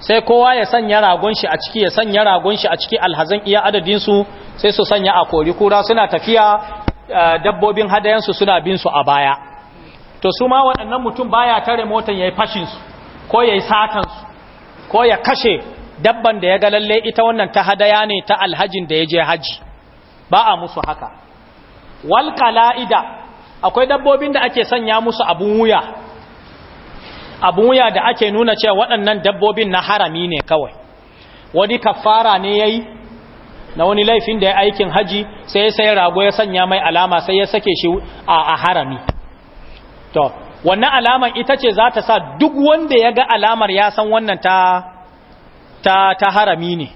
sai kowa ya sanya ragon shi a ciki ya sanya ragon shi a ciki alhazan iya adadin su sai su sanya a kori kura suna tafiya eh, dabbobin hadayen su suna bin su a baya to su ma waɗannan mutum baya tare motan yayi fashin su ko yayi satan su ko ya kashe dabban da ya ga lalle ita wannan ta hadaya ne ta alhajin da ya je haji ba a musu haka wal qala'ida akwai dabbobin da ake sanya musu abun wuya abun wuya da ake nuna cewa waɗannan dabbobin na harami ne kawai wani kafara ne yayi na wani laifin da ya aikin haji sai ya sayi rago ya sanya mai alama sai ya sake shi a harami to wannan alamar ita ce za ta sa duk wanda ya ga alamar ya san wannan ta ta, ta harami ne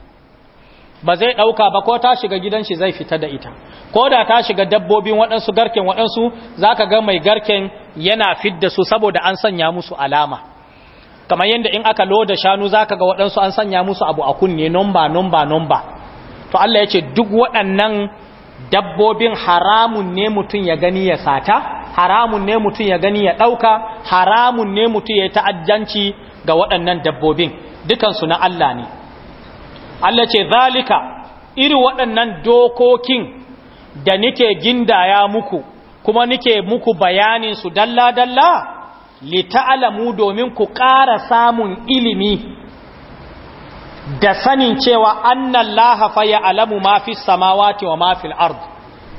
ba zai ɗauka ba ko ta shiga gidan shi zai fita da ita ko da ta shiga dabbobin waɗansu garken waɗansu za ka ga mai garken yana fidda su saboda an sanya musu alama kamar yadda in aka loda shanu zaka ga waɗansu an sanya musu abu a kunne nomba nomba nomba to Allah ya ce duk waɗannan dabbobin haramun ne mutum ya gani ya sata haramun ne mutum ya gani ya ɗauka haramun ne mutum ya ta'ajjanci ga waɗannan dabbobin dukansu na Allah ne Allah ce zalika iri waɗannan dokokin da nike gindaya muku kuma nike muku bayanin su dalla-dalla li ta'alamu domin ku ƙara samun ilimi da sanin cewa annan lahafa ya alamu mafi samawati wa mafi al'ard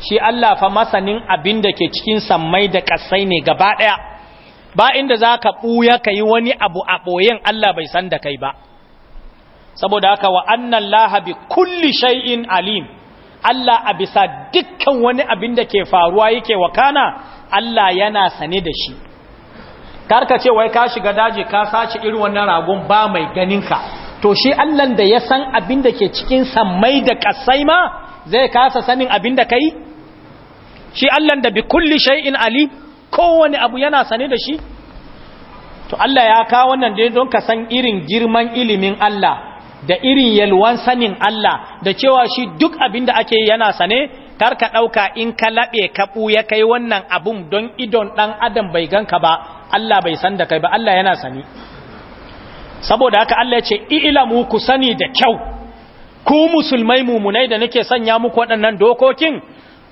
shi Allah fa masanin abin da ke cikin sammai da ƙasai ne gaba ɗaya ba inda za ka ɓuya ka yi wani abu a ɓoyen Allah bai san da kai ba saboda haka wa annan lahabi kulli shay'in alim Allah a bisa dukkan wani abin da ke faruwa yake wa kana. Allah yana sane da shi karka ce wai ka shiga daji ka sace irin wannan ragon ba mai ganinka to shi Allah da ya san abin da ke cikin sammai da kasai ma zai kasa sanin abin da kai shi Allah da bi kulli shay'in ali kowane abu yana sane da shi to Allah ya kawo wannan dai don ka san irin girman ilimin Allah da irin yalwan sanin Allah da cewa shi duk abin da ake yana sane kar ka ɗauka in ka laɓe ka ya kai wannan abun don idon dan adam bai ganka ba Allah bai san da kai ba Allah yana sani saboda haka Allah ya ce ilamu ku sani da kyau ku musulmai mumunai da nake sanya muku waɗannan dokokin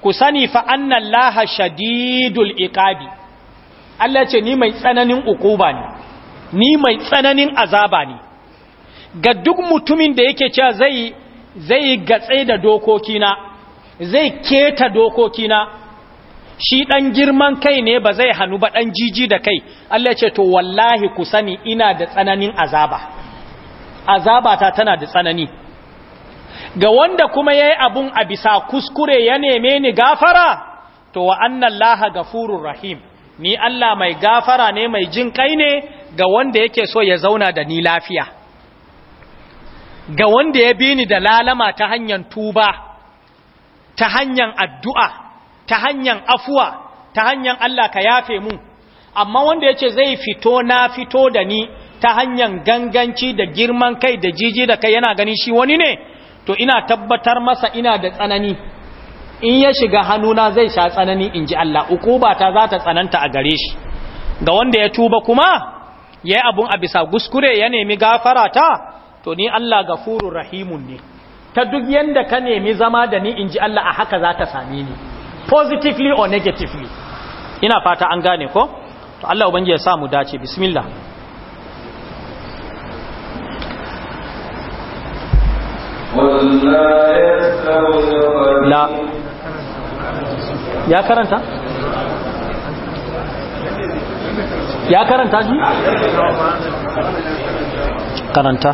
ku sani fa annan laha shadidul iqabi Allah ce ni mai tsananin ukuba ne ni mai tsananin azaba ni? ga duk mutumin da yake cewa zai zai gatsai da dokokina zai keta dokokina shi dan girman kai ne ba zai hannu ba dan jiji da kai Allah ce to wallahi ku sani ina da tsananin azaba azaba ta tana da tsanani ga wanda kuma yayi abun a bisa kuskure ya neme ni gafara to wa annallaha gafurur rahim ni Allah mai gafara ne mai jin kai ne ga wanda yake so ya zauna da ni lafiya ga wanda ya bi ni da lalama ta hanyar tuba ta hanyar addu'a ta hanyar afuwa ta hanyar Allah ka yafe mu amma wanda ya ce zai fito na fito da ni ta hanyar ganganci da girman kai da jiji da kai yana gani shi wani ne to ina tabbatar masa ina da tsanani in ya shiga hannuna zai sha tsanani in ji Allah uku ta za ta tsananta a gare shi ga wanda ya tuba kuma ya yi abun a bisa guskure ya nemi gafara ta to ni Allah gafurur rahimun ne ta duk yanda ka nemi zama da ni in ji Allah a haka za ka sami ni positively or negatively ina fata an gane ko to Allah ubangi ya sa mu dace bismillah la ya karanta ya karanta ji karanta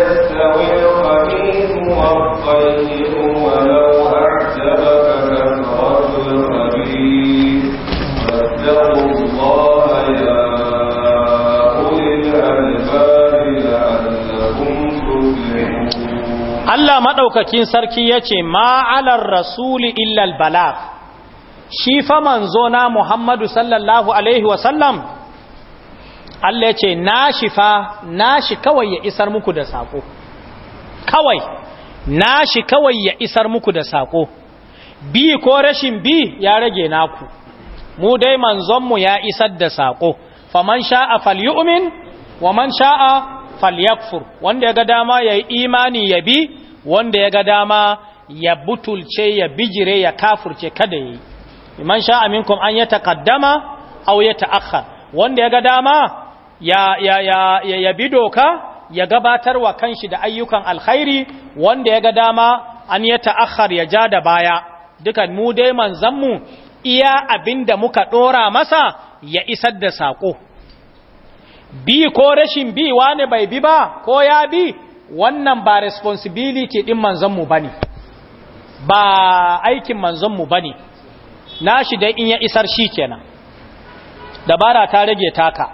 Allah maɗaukakin sarki ya ce ma'alar rasuli illal balaf shi fa manzo na Muhammadu sallallahu Alaihi wasallam Allah ya ce na shi fa na shi kawai ya isar muku da saƙo kawai na shi kawai ya isar muku da saƙo bi ko rashin bi ya rage naku mu dai manzonmu ya isar da saƙo man sha'a falyu'min wa man sha'a falyakfur wanda ya ga dama ya yi imani ya bi wanda ya ga dama ya butulce ya bijire ya kafurce kada yi iman sha aminkum an ya taqaddama aw ya ta'akhkhar wanda ya ga dama ya ya ya ya bi doka ya gabatar wa kanshi da ayyukan alkhairi wanda ya ga dama an ya ta'akhkhar ya ja da baya dukan mu dai manzon mu iya abinda muka dora masa ya isar da sako bi ko rashin bi wane bai bi ba ko ya bi wannan ba responsibility din manzonmu ba ne ba aikin manzon ba ne na shi dai in ya isar shi kenan dabara ta rage taka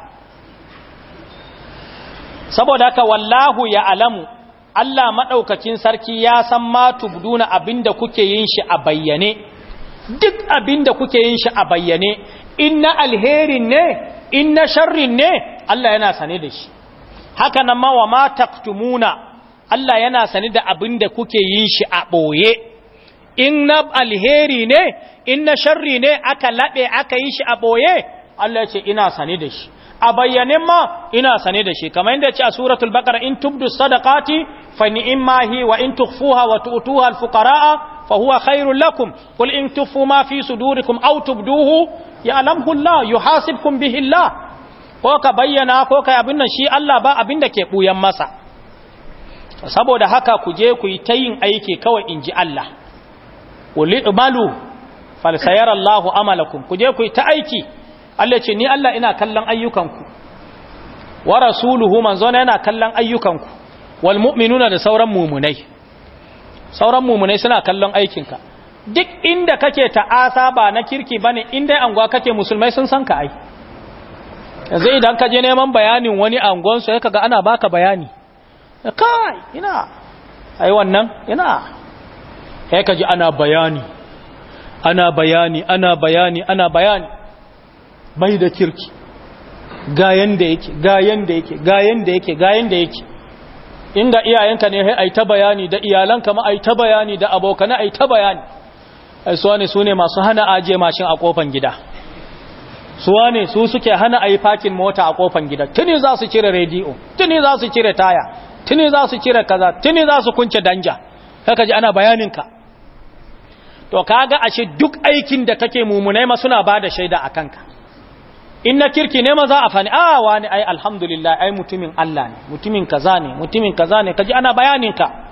saboda haka wallahu ya alamu Allah maɗaukacin sarki ya san ma tubduna abinda kuke yin shi a bayyane duk abinda kuke yin shi a bayyane in na alherin ne in na sharrin ne Allah yana sane da shi haka nan ma wa ma taktumuna Allah yana sani da abin da kuke yin shi a ɓoye in na alheri ne in na sharri ne aka laɓe aka yi shi a ɓoye Allah ce ina sani da shi a bayyanin ma ina sane da shi kamar yadda ce a suratul baqara in tubdu sadaqati fa ni'ma hi wa in tukhfuha wa tu'tuha al-fuqaraa fa huwa khairul lakum qul in tukhfu ma fi sudurikum aw tubduhu ya'lamu Allah yuhasibkum bihi Allah ko ka bayyana ko kai abin nan shi Allah ba abin da ke buyan masa saboda haka ku je ku yi ta yin aiki kawai in ji Allah wuli malu falsayar Allahu amalakum ku je ku yi ta aiki Allah ce ni Allah ina kallon ayyukanku wa rasuluhu manzo yana kallon ayyukanku wal mu'minuna da sauran muminai sauran mumunai suna kallon aikinka duk inda kake ta'asa ba na kirki bane inda anguwa kake musulmai sun san ka ai yanzu idan ka je neman bayanin wani angon su ga ga ana baka bayani kai ina ai wannan ina kai kaji ana bayani ana bayani ana bayani ana bayani bai da kirki ga yanda yake ga yanda yake ga yanda yake ga yanda yake inda iyayenka ne ai ta bayani da iyalanka ma ai ta bayani da abokana ai ta bayani ai suwa ne su ne masu hana aje mashin a kofan gida Su ne su suke hana ai fakin mota a kofan gida tuni za su cire rediyo tuni za su cire taya tuni za su cire kaza tuni za su kunce danja kaka ji ana bayaninka to kaga ashe duk aikin da kake mumunai ma suna bada shaida a kanka in na kirki ne ma za a fani a wani ai alhamdulillah ai mutumin Allah ne mutumin kaza ne mutumin kaza ne kaji ana bayaninka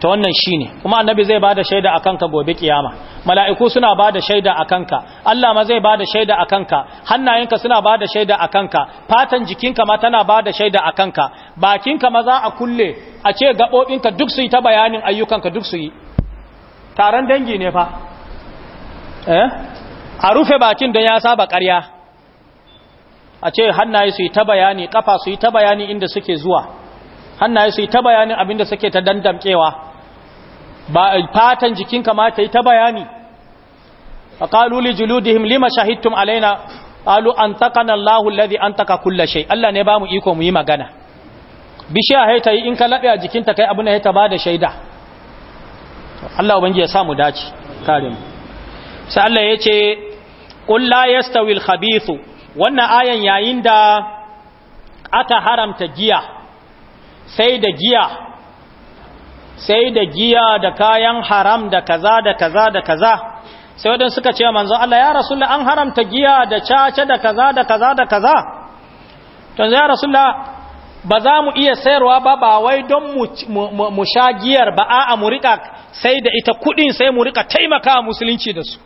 ta wannan shi ne kuma annabi zai bada shaida a kanka gobe kiyama mala'iku suna bada shaida a kanka Allah ma zai bada shaida a kanka hannayenka suna bada shaida a kanka fatan jikinka ma tana bada shaida a kanka bakinka ma za a kulle a ce gaɓoɓinka duk su yi ta bayanin ayyukanka duk su yi taron dangi ne fa eh? a rufe bakin don ya saba ƙarya a ce hannaye su yi ta bayani kafa su yi ta bayani inda suke zuwa hannaye su yi ta bayanin abinda suke ta dandamkewa ba fatan jikinka ma ta yi ta bayani a kaluli juludihim lima shahidtum alaina alu an taƙana Allahu ladhi an taƙa kulla shai Allah ne ba mu iko mu yi magana bishiya haita yi in ka laɓe a jikinta kai abin da ta ba da shaida Allah ubangi ya samu dace kare mu sai Allah ya ce qul la yastawi al wannan ayan yayin da aka haramta giya sai da giya sai da giya da kayan haram da kaza da kaza da kaza sai wadanda suka ce manzo Allah ya rasulullah an haramta giya da caca da kaza da kaza da kaza to ya rasulullah ba za mu iya sayarwa ba ba wai don mu sha giyar ba a'a mu rika sai da ita kudin sai mu rika taimaka musulunci da su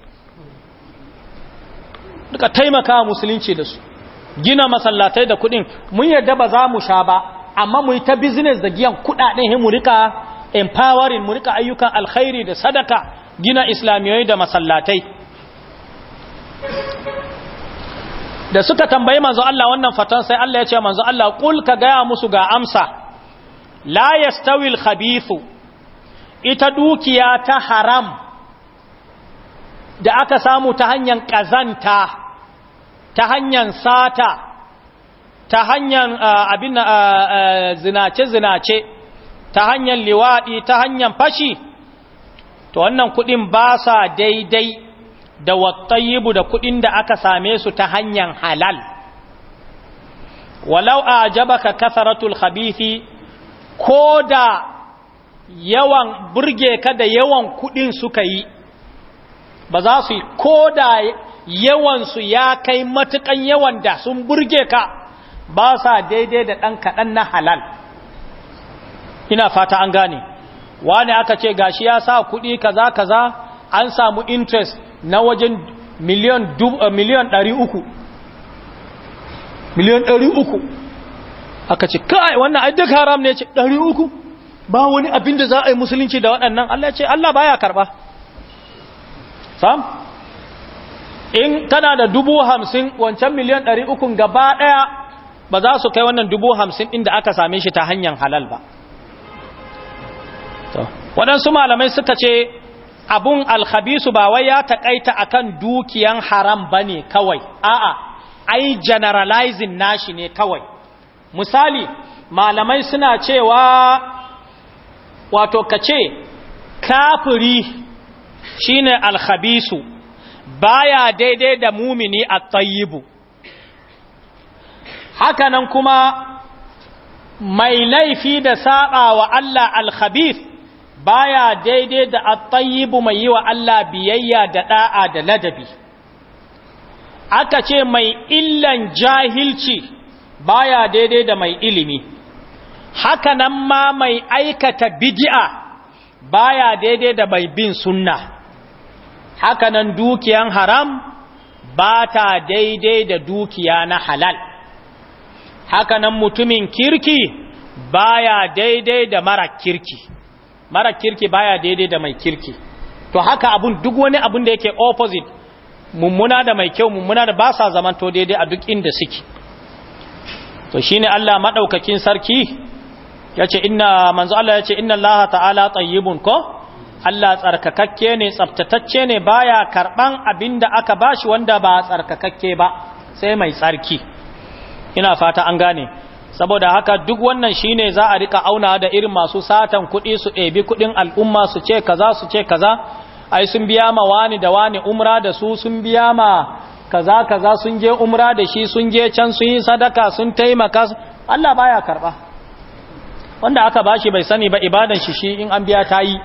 rika taimaka musulunci da su gina masallatai da kudin mun yadda ba za mu sha ba amma mu yi ta business da giyan kudaden mu rika empowering mu rika ayyukan alkhairi da sadaka gina islamiyoyi da masallatai da suka tambayi manzo Allah wannan fatan sai Allah ya ce manzo Allah kul ka gaya musu ga amsa la yastawi ita dukiya ta haram da aka samu ta hanyar kazanta ta hanyar sata ta hanyar abin zinace-zinace ta hanyar liwaɗi ta hanyar fashi to wannan kuɗin ba sa daidai da wattayibu da kuɗin da aka same su ta hanyar halal walau a jabaka kasaratul habifi ko da yawan burge ka da yawan kuɗin suka yi ba za su yi ko da yawansu ya kai matukan yawan da sun burge ka ba sa daidai da ɗan kaɗan na halal ina fata an gane wani aka ce gashi ya sa kuɗi kaza kaza an samu interest na wajen eh, miliyan ɗari uku miliyan ɗari uku aka ce kai wannan ai duk haram ne ce ɗari uku ba wani abin da za a yi musulunci da waɗannan Allah ce Allah baya karɓa sam in kana da dubu hamsin wancan miliyan ɗari ukun gaba ɗaya ba za su kai wannan dubu hamsin inda aka same shi ta hanyar halal ba waɗansu malamai suka ce abun alhabisu ba wai ya taƙaita akan dukiyan haram ba ne kawai a'a ai generalizing nashi ne kawai misali malamai suna cewa wato ka ce kafiri shine alhabisu baya daidai da mumini a tsayibu haka nan kuma mai laifi da saɓa wa Allah alkhabith baya daidai da at mai yi wa Allah biyayya da ɗa'a da ladabi aka ce mai illan jahilci baya daidai da mai ilimi haka nan ma mai aikata bidi'a baya daidai da mai bin sunna haka nan dukiyan haram ba ta daidai da dukiya na halal haka nan mutumin kirki baya daidai da mara kirki mara kirki baya daidai da mai kirki to haka abun duk wani abun da yake opposite mummuna da mai kyau mummuna da ba sa zaman to daidai a duk inda suke to shine Allah madaukakin sarki yace inna manzo Allah yace inna Allah ta'ala tayyibun ko Allah tsarkakakke ne tsaftatacce ne baya karban abinda aka bashi wanda ba tsarkakakke ba sai mai tsarki ina fata an gane saboda haka duk wannan shine za a rika auna da irin masu satan kuɗi su ɗebi kuɗin al'umma su ce kaza su ce kaza ai sun biya ma wani da wani umra da su sun biya ma kaza kaza sun je umra da shi sun je can sun yi sadaka sun taimaka Allah baya karba wanda aka bashi bai sani ba ibadan shi shi in an biya tayi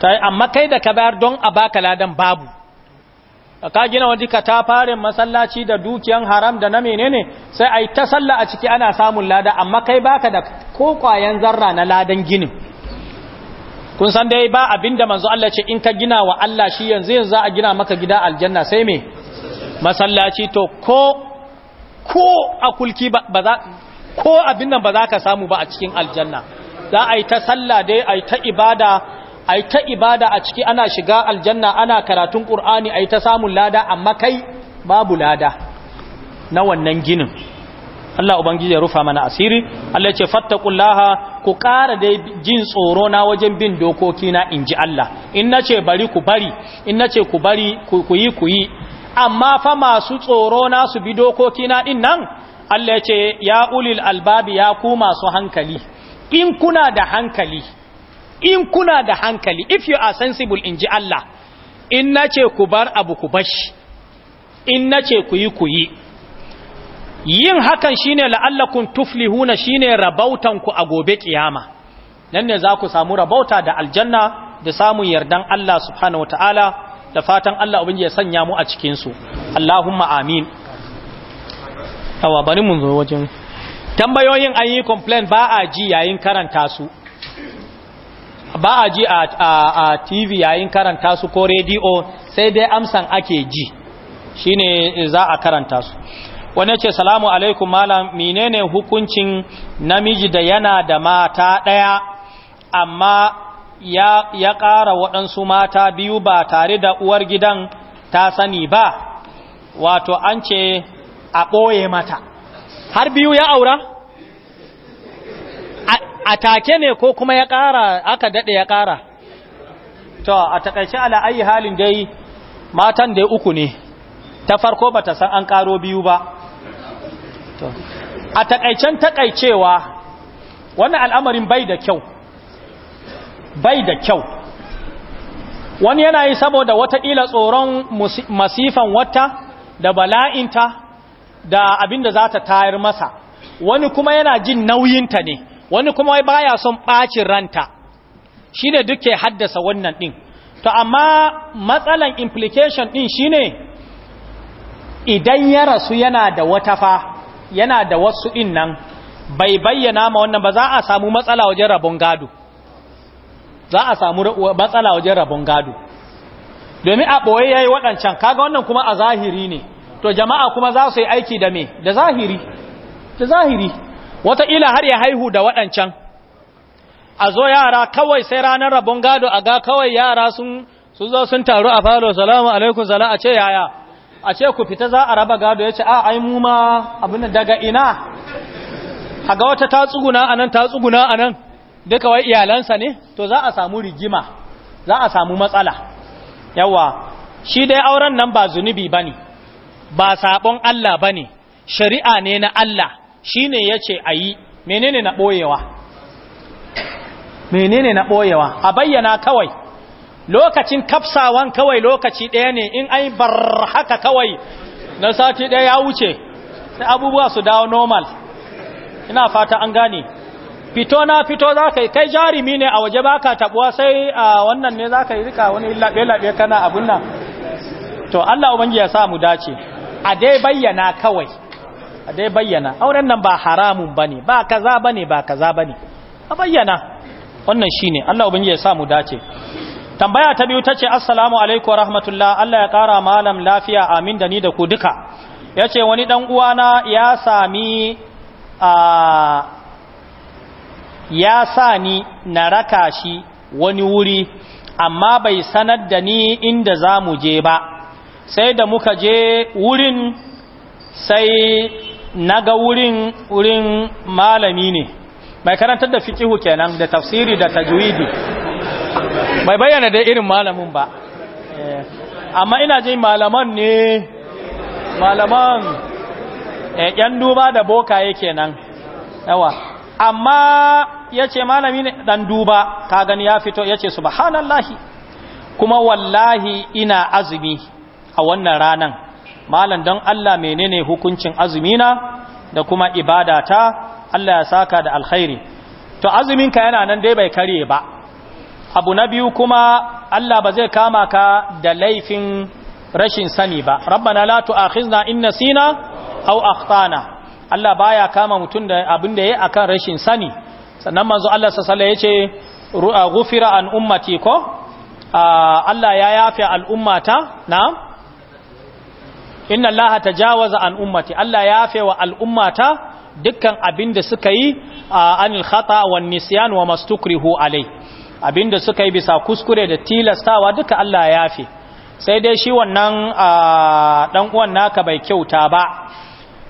tayi amma kai da ka bayar don a baka ladan babu ka gina wani katafarin masallaci da dukiyan haram da na menene sai ai ta sallah a ciki ana samun lada amma kai baka da ko kwayan zarra na ladan ginin kun san dai ba abinda manzo Allah ce in ka gina wa Allah shi yanzu yanzu za a gina maka gida aljanna sai me masallaci to ko ko a kulki ba za ko abin nan ba za ka samu ba a cikin aljanna za a yi ta sallah dai a yi ta ibada ai ta ibada a ciki ana shiga aljanna ana karatun qur'ani ai ta samun lada amma kai babu lada na wannan ginin Allah ubangiji ya rufa mana asiri Allah ya ce fattaqullaha ku kara dai jin tsoro na wajen bin dokoki na inji Allah in nace bari ku bari in nace ku bari ku yi ku yi amma fa masu tsoro na su bi dokoki na din nan Allah ya ce ya ulil albabi ya ku masu hankali in kuna da hankali in kuna da hankali if you are sensible in ji Allah in na ce ku bar abu ku bashi in na ce ku yi ku yi yin hakan shine la'allakun tuflihuna shine ku a gobe kiyama nan ne za ku samu rabauta da aljanna da samun yardan Allah subhanahu wataala da fatan Allah ubangiji ya sanya mu a cikin Allahumma amin mun zo wajen tambayoyin an yi complain ba a ji yayin karanta su ba a ji a tv yayin karanta su ko rediyo sai dai amsan ake ji shine za a karanta su wani ce salamu alaikum malam menene hukuncin namiji da yana da mata ɗaya amma ya, ya ƙara waɗansu mata biyu ba tare da uwar gidan ta sani ba wato an ce a ɓoye mata har biyu ya aura? a take ne ko kuma ya ƙara aka daɗe ya ƙara to a takaice ala ayi halin dai matan dai uku ne ta farko bata san an ƙaro biyu ba a takaicen takaicewa wannan al'amarin bai da kyau bai da kyau wani yana yi saboda watakila tsoron masifan wata da bala'inta da abinda za ta tayar masa wani kuma yana jin nauyinta ne wani kuma wai baya son ɓacin ranta shi ne duke haddasa wannan ɗin to amma matsalan implication ɗin shi ne idan ya rasu yana da wata fa yana da wasu ɗin nan bai bayyana ma wannan ba za a samu matsala wajen rabon gado za a samu matsala wajen rabon gado domin a ɓoye ya yi waɗancan kaga wannan kuma a zahiri ne to jama'a kuma za su yi aiki da me da zahiri da zahiri Wata wataƙila har ya haihu da waɗancan a zo yara kawai sai ranar rabon gado a ga kawai yara sun zo sun taru a falo salamu alaikun sala a ce yaya a ce ku fita za a raba gado ya ce a ai mu ma abin daga ina a ga wata ta a nan ta a nan duka wai iyalansa ne to za a samu rigima za a samu matsala yawa shi dai auren nan ba zunubi ba ne ba saɓon Allah ba ne shari'a ne na Allah shine a yi. menene na ɓoyewa? menene na ɓoyewa? a bayyana kawai lokacin kafsawan kawai lokaci ɗaya ne in ai bar haka kawai na sati ɗaya ya wuce sai abubuwa su dawo normal ina fata an gane fito na fito za ka yi kai jarumi ne a waje ba ka tabuwa sai a wannan ne za ka yi rika wani laɓe-laɓe kana abin nan to allah ubangi ya sa mu dace a dai bayyana kawai da dai bayyana auren nan ba haramun bane ba kaza bane ba kaza bane a bayyana wannan shine Allah ubangiji ya sa mu dace tambaya ta biyu tace assalamu alaikum rahmatullah Allah ya kara malam lafiya amin da ni da ku duka yace wani dan uwana ya sami a ya sani na raka shi wani wuri amma bai sanar da ni inda za mu je ba sai da muka je wurin sai na ga wurin wurin malami ne mai karantar da fikihu kenan da tafsiri da tajwidi bai bayyana da irin malamin ba eh, amma ina jin malaman ne malaman eh, yan duba da bokaye kenan yawa amma yace malami ne dan duba ka gani ya fito yace subhanallahi kuma wallahi ina azumi a wannan ranan malam don Allah menene hukuncin azumina da kuma ibadata Allah ya saka da alkhairi to azuminka yana nan dai bai kare ba abu na biyu kuma Allah ba zai kama ka da laifin rashin sani ba rabbana la tu'akhizna in nasina aw akhtana Allah baya kama mutun da abin da yayi akan rashin sani sannan manzo Allah sallallahu alaihi wasallam yace ghufira an ummati ko ah, Allah ya yafi al'ummata inna allaha tajawaza an ummati Allah ya fe wa al'ummata dukkan abin da suka yi anil khata wa nisyan wa mastukrihu alai abin da suka yi bisa kuskure da tilastawa duka Allah ya fe sai dai shi wannan dan uwan naka bai kyauta ba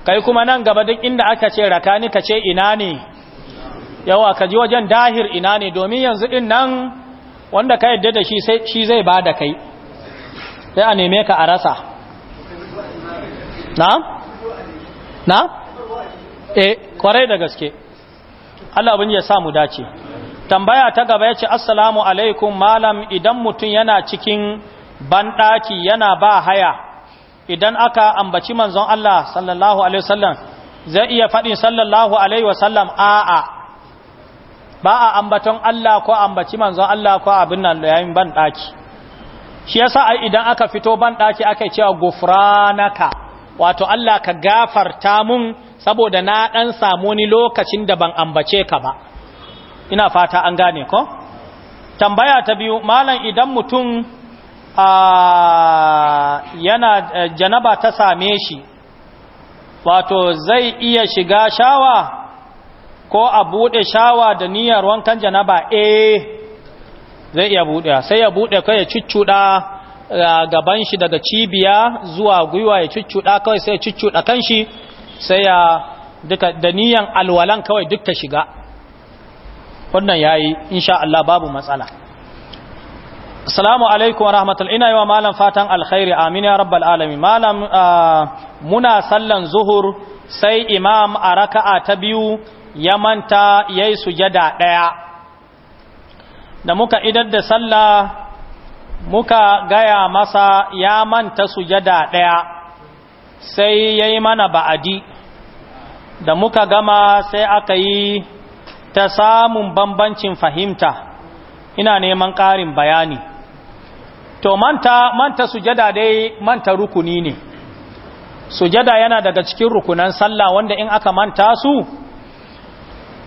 kai kuma nan gaba duk inda aka ce rakani ka ce ina ne yawa ka ji wajen dahir ina ne domin yanzu din nan wanda ka yadda da shi shi zai bada kai sai a neme ka a rasa na? na? eh kwarai da gaske Allah abin ya samu dace tambaya ta gaba ya ce assalamu alaikum malam idan mutum yana cikin banɗaki yana ba haya idan aka ambaci manzon Allah sallallahu alaihi wasallam zai iya fadin sallallahu alaihi wasallam a'a ba a ambaton Allah ko ambaci manzon Allah ko abin nan yayin banɗaki shi yasa idan aka fito banɗaki ake cewa gufranaka wato Allah ka gafarta mun saboda na ɗan samu ni lokacin da ban ambace ka ba ina fata an gane ko tambaya ta biyu malam idan mutum yana eh, janaba ta same shi wato zai iya shiga shawa ko a buɗe shawa da niyyar wankan janaba eh zai iya buɗe sai ya buɗe kai ya cuccuɗa gaban shi daga cibiya zuwa gwiwa ya cuccuɗa kawai sai ya cuccuɗa kan shi sai ya duka da niyan alwalan kawai duk ta shiga wannan ya in insha Allah babu matsala assalamu alaikum wa rahmatul ina wa malam fatan alkhairi amin ya rabbal alami malam muna sallan zuhur sai imam a raka'a ta biyu ya manta yayi sujada ɗaya. da muka idar da sallah muka gaya masa ya manta sujada ɗaya sai ya yi mana ba'adi da muka gama sai aka yi ta samun bambancin fahimta ina neman ƙarin bayani to manta manta sujada dai manta rukuni ne sujada yana daga cikin rukunan sallah wanda in aka manta su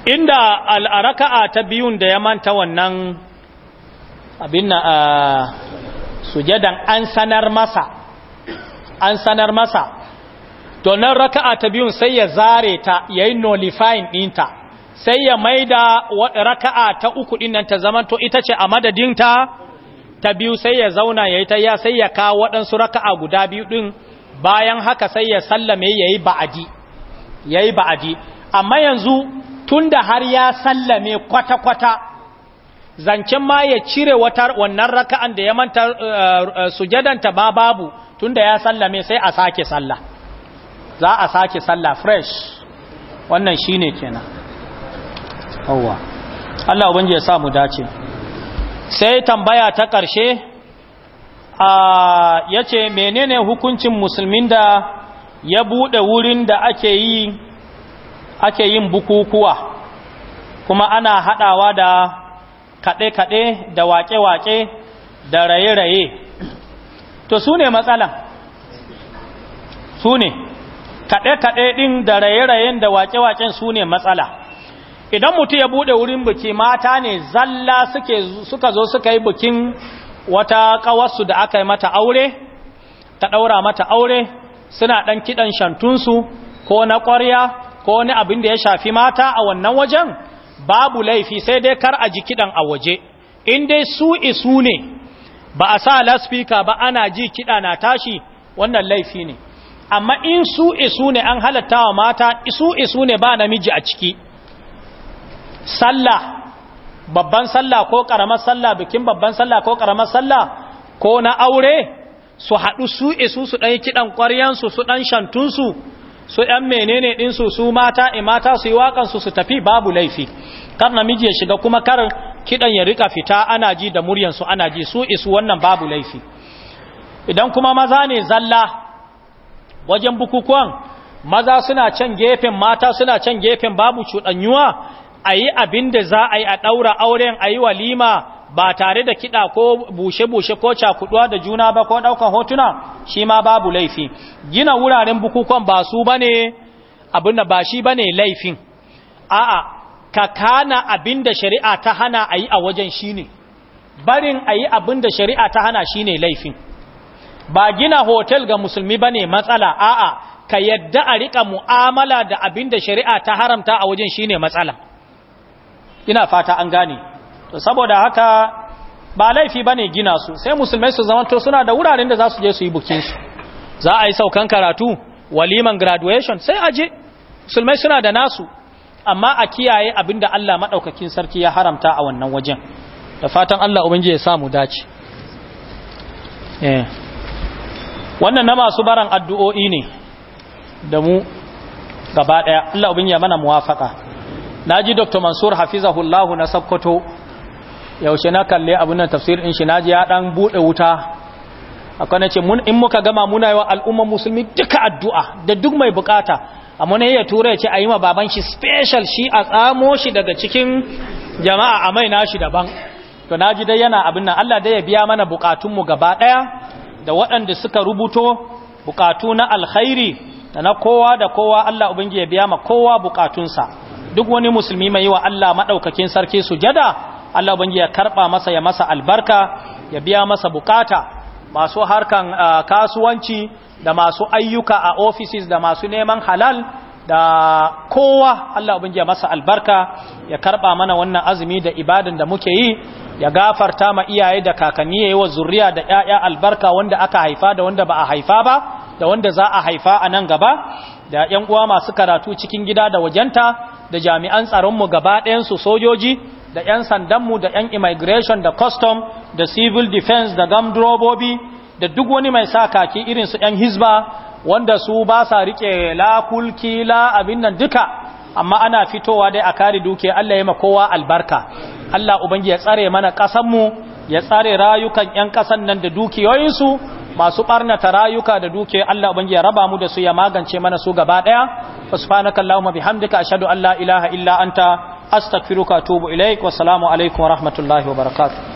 inda al'araka'a ta biyun da ya manta wannan abin na ah, sujadan an sanar masa an sanar masa donar raka'a ta biyun sai ya zare ta ya yi nolifayin ɗinta sai ya maida raka'a ta uku nan ta zamanto ita ce a madadin ta ta biyu sai ya zauna ya yi ta ya sai ya kawo waɗansu raka'a guda biyu ɗin bayan haka sai ya sallame ya ba'adi ya yi ba'adi amma yanzu tun da har ya sallame kwata-kwata zancen ma ya cire wannan raka'an da ya manta eh, eh, sujadanta ba babu tunda ya sallame sai a sake sallah za a sake sallah fresh wannan shine kenan Allah Allah ubangiji ya sa mu dace sai tambaya ta ƙarshe a yace menene hukuncin musulmin da ya bude wurin da ake yi ake yin bukukuwa kuma ana hadawa da kaɗe-kaɗe da waƙe-waƙe da raye-raye to su ne matsalan su ne kaɗe-kaɗe ɗin da raye-rayen da waƙe-waƙen su ne matsala idan mutu ya buɗe wurin biki mata ne zalla suka zo suka yi bikin wata ƙawarsu da aka yi mata aure ta ɗaura mata aure suna ɗan kiɗan shantunsu ko na ƙwarya ko wani abin da ya shafi mata a wannan wajen babu laifi sai dai kar a ji kiɗan a waje in dai su isu ne ba a sa laspika ba ana ji kiɗa na tashi wannan laifi ne amma in su isu ne an halatta wa mata su isu ne ba namiji a ciki sallah babban sallah ko karamar sallah bikin babban sallah ko karamar sallah ko na aure su haɗu su isu su ɗan kiɗan ƙwaryansu su ɗan shantunsu su ‘yan menene ɗinsu su mata in eh, mata su yi waƙansu su tafi babu laifi kar namiji ya shiga kuma kar kiɗan ya rika fita ana ji da muryansu ana ji su isu wannan babu laifi idan kuma maza ne zalla wajen bukukuwan maza suna can gefen mata suna can gefen babu cuɗanyuwa a yi abin da za a yi a ɗaura auren a yi walima ba tare da kiɗa ko bushe-bushe ko cakuduwa da juna ba ko ɗaukan hotuna shi ma babu laifi gina wuraren bukukon ba su ba ne abin da ba shi ba ne laifin a'a ka kana abin da shari'a ta hana a yi a wajen shi ne barin a yi abin da shari'a ta hana shi ne laifin ba gina hotel ga musulmi ba ne matsala a'a ka yadda a riƙa mu'amala da abin da shari'a ta haramta a wajen shi ne matsala ina fata an gane saboda haka ba laifi ba ne gina su sai musulmai su zamanto suna da wuraren da za su je su yi bukinsu za a yi saukan karatu waliman graduation sai a je musulmai suna da nasu amma a kiyaye abinda Allah maɗaukakin sarki ya haramta a wannan wajen da fatan Allah ubangi ya samu dace eh. wannan na masu baran addu'o'i ne da mu gaba ɗaya Allah ubangi ya mana muwafaka na ji dr mansur hafizahullahu na Sakkoto. yaushe na kalle abin nan tafsir in shi naji ya dan bude wuta akwai nace mun in muka gama muna yi wa al'ummar musulmi duka addu'a da duk mai bukata amma ne ya tura ya ce a yi ma baban shi special shi a tsamo shi daga cikin jama'a a mai nashi daban to naji dai yana abin nan Allah dai ya biya mana bukatunmu gaba daya da waɗanda suka rubuto bukatu na alkhairi da na kowa da kowa Allah ya biya ma kowa bukatunsa duk wani musulmi mai yi wa Allah madaukakin sarki sujada Allah ubangi ya karba masa ya masa albarka ya biya masa bukata masu harkan kasuwanci da masu ayyuka a offices da masu neman halal da kowa Allah ubangi ya masa albarka ya karba mana wannan azumi da ibadan da muke yi ya gafarta ma iyaye da kakanni yayi wa zuriya da ƴaƴa albarka wanda aka haifa da wanda ba a haifa ba da wanda za a haifa a nan gaba da ƴan uwa masu karatu cikin gida da wajenta da jami'an tsaronmu gaba ɗayansu sojoji da 'yan sandanmu da 'yan immigration da custom da civil defense da drobobi da duk wani mai sa kaki irin su 'yan hizba wanda su ba sa rike la la abin nan duka amma ana fitowa dai a kare duke Allah ya ma kowa albarka Allah ubangi ya tsare mana kasanmu ya tsare rayukan 'yan kasan nan da dukiyoyinsu masu barnata rayuka da duke Allah ubangi ya raba mu da su ya magance mana su gaba daya subhanakallahumma bihamdika ashhadu an la ilaha illa anta أستغفرك أتوب إليك والسلام عليكم ورحمة الله وبركاته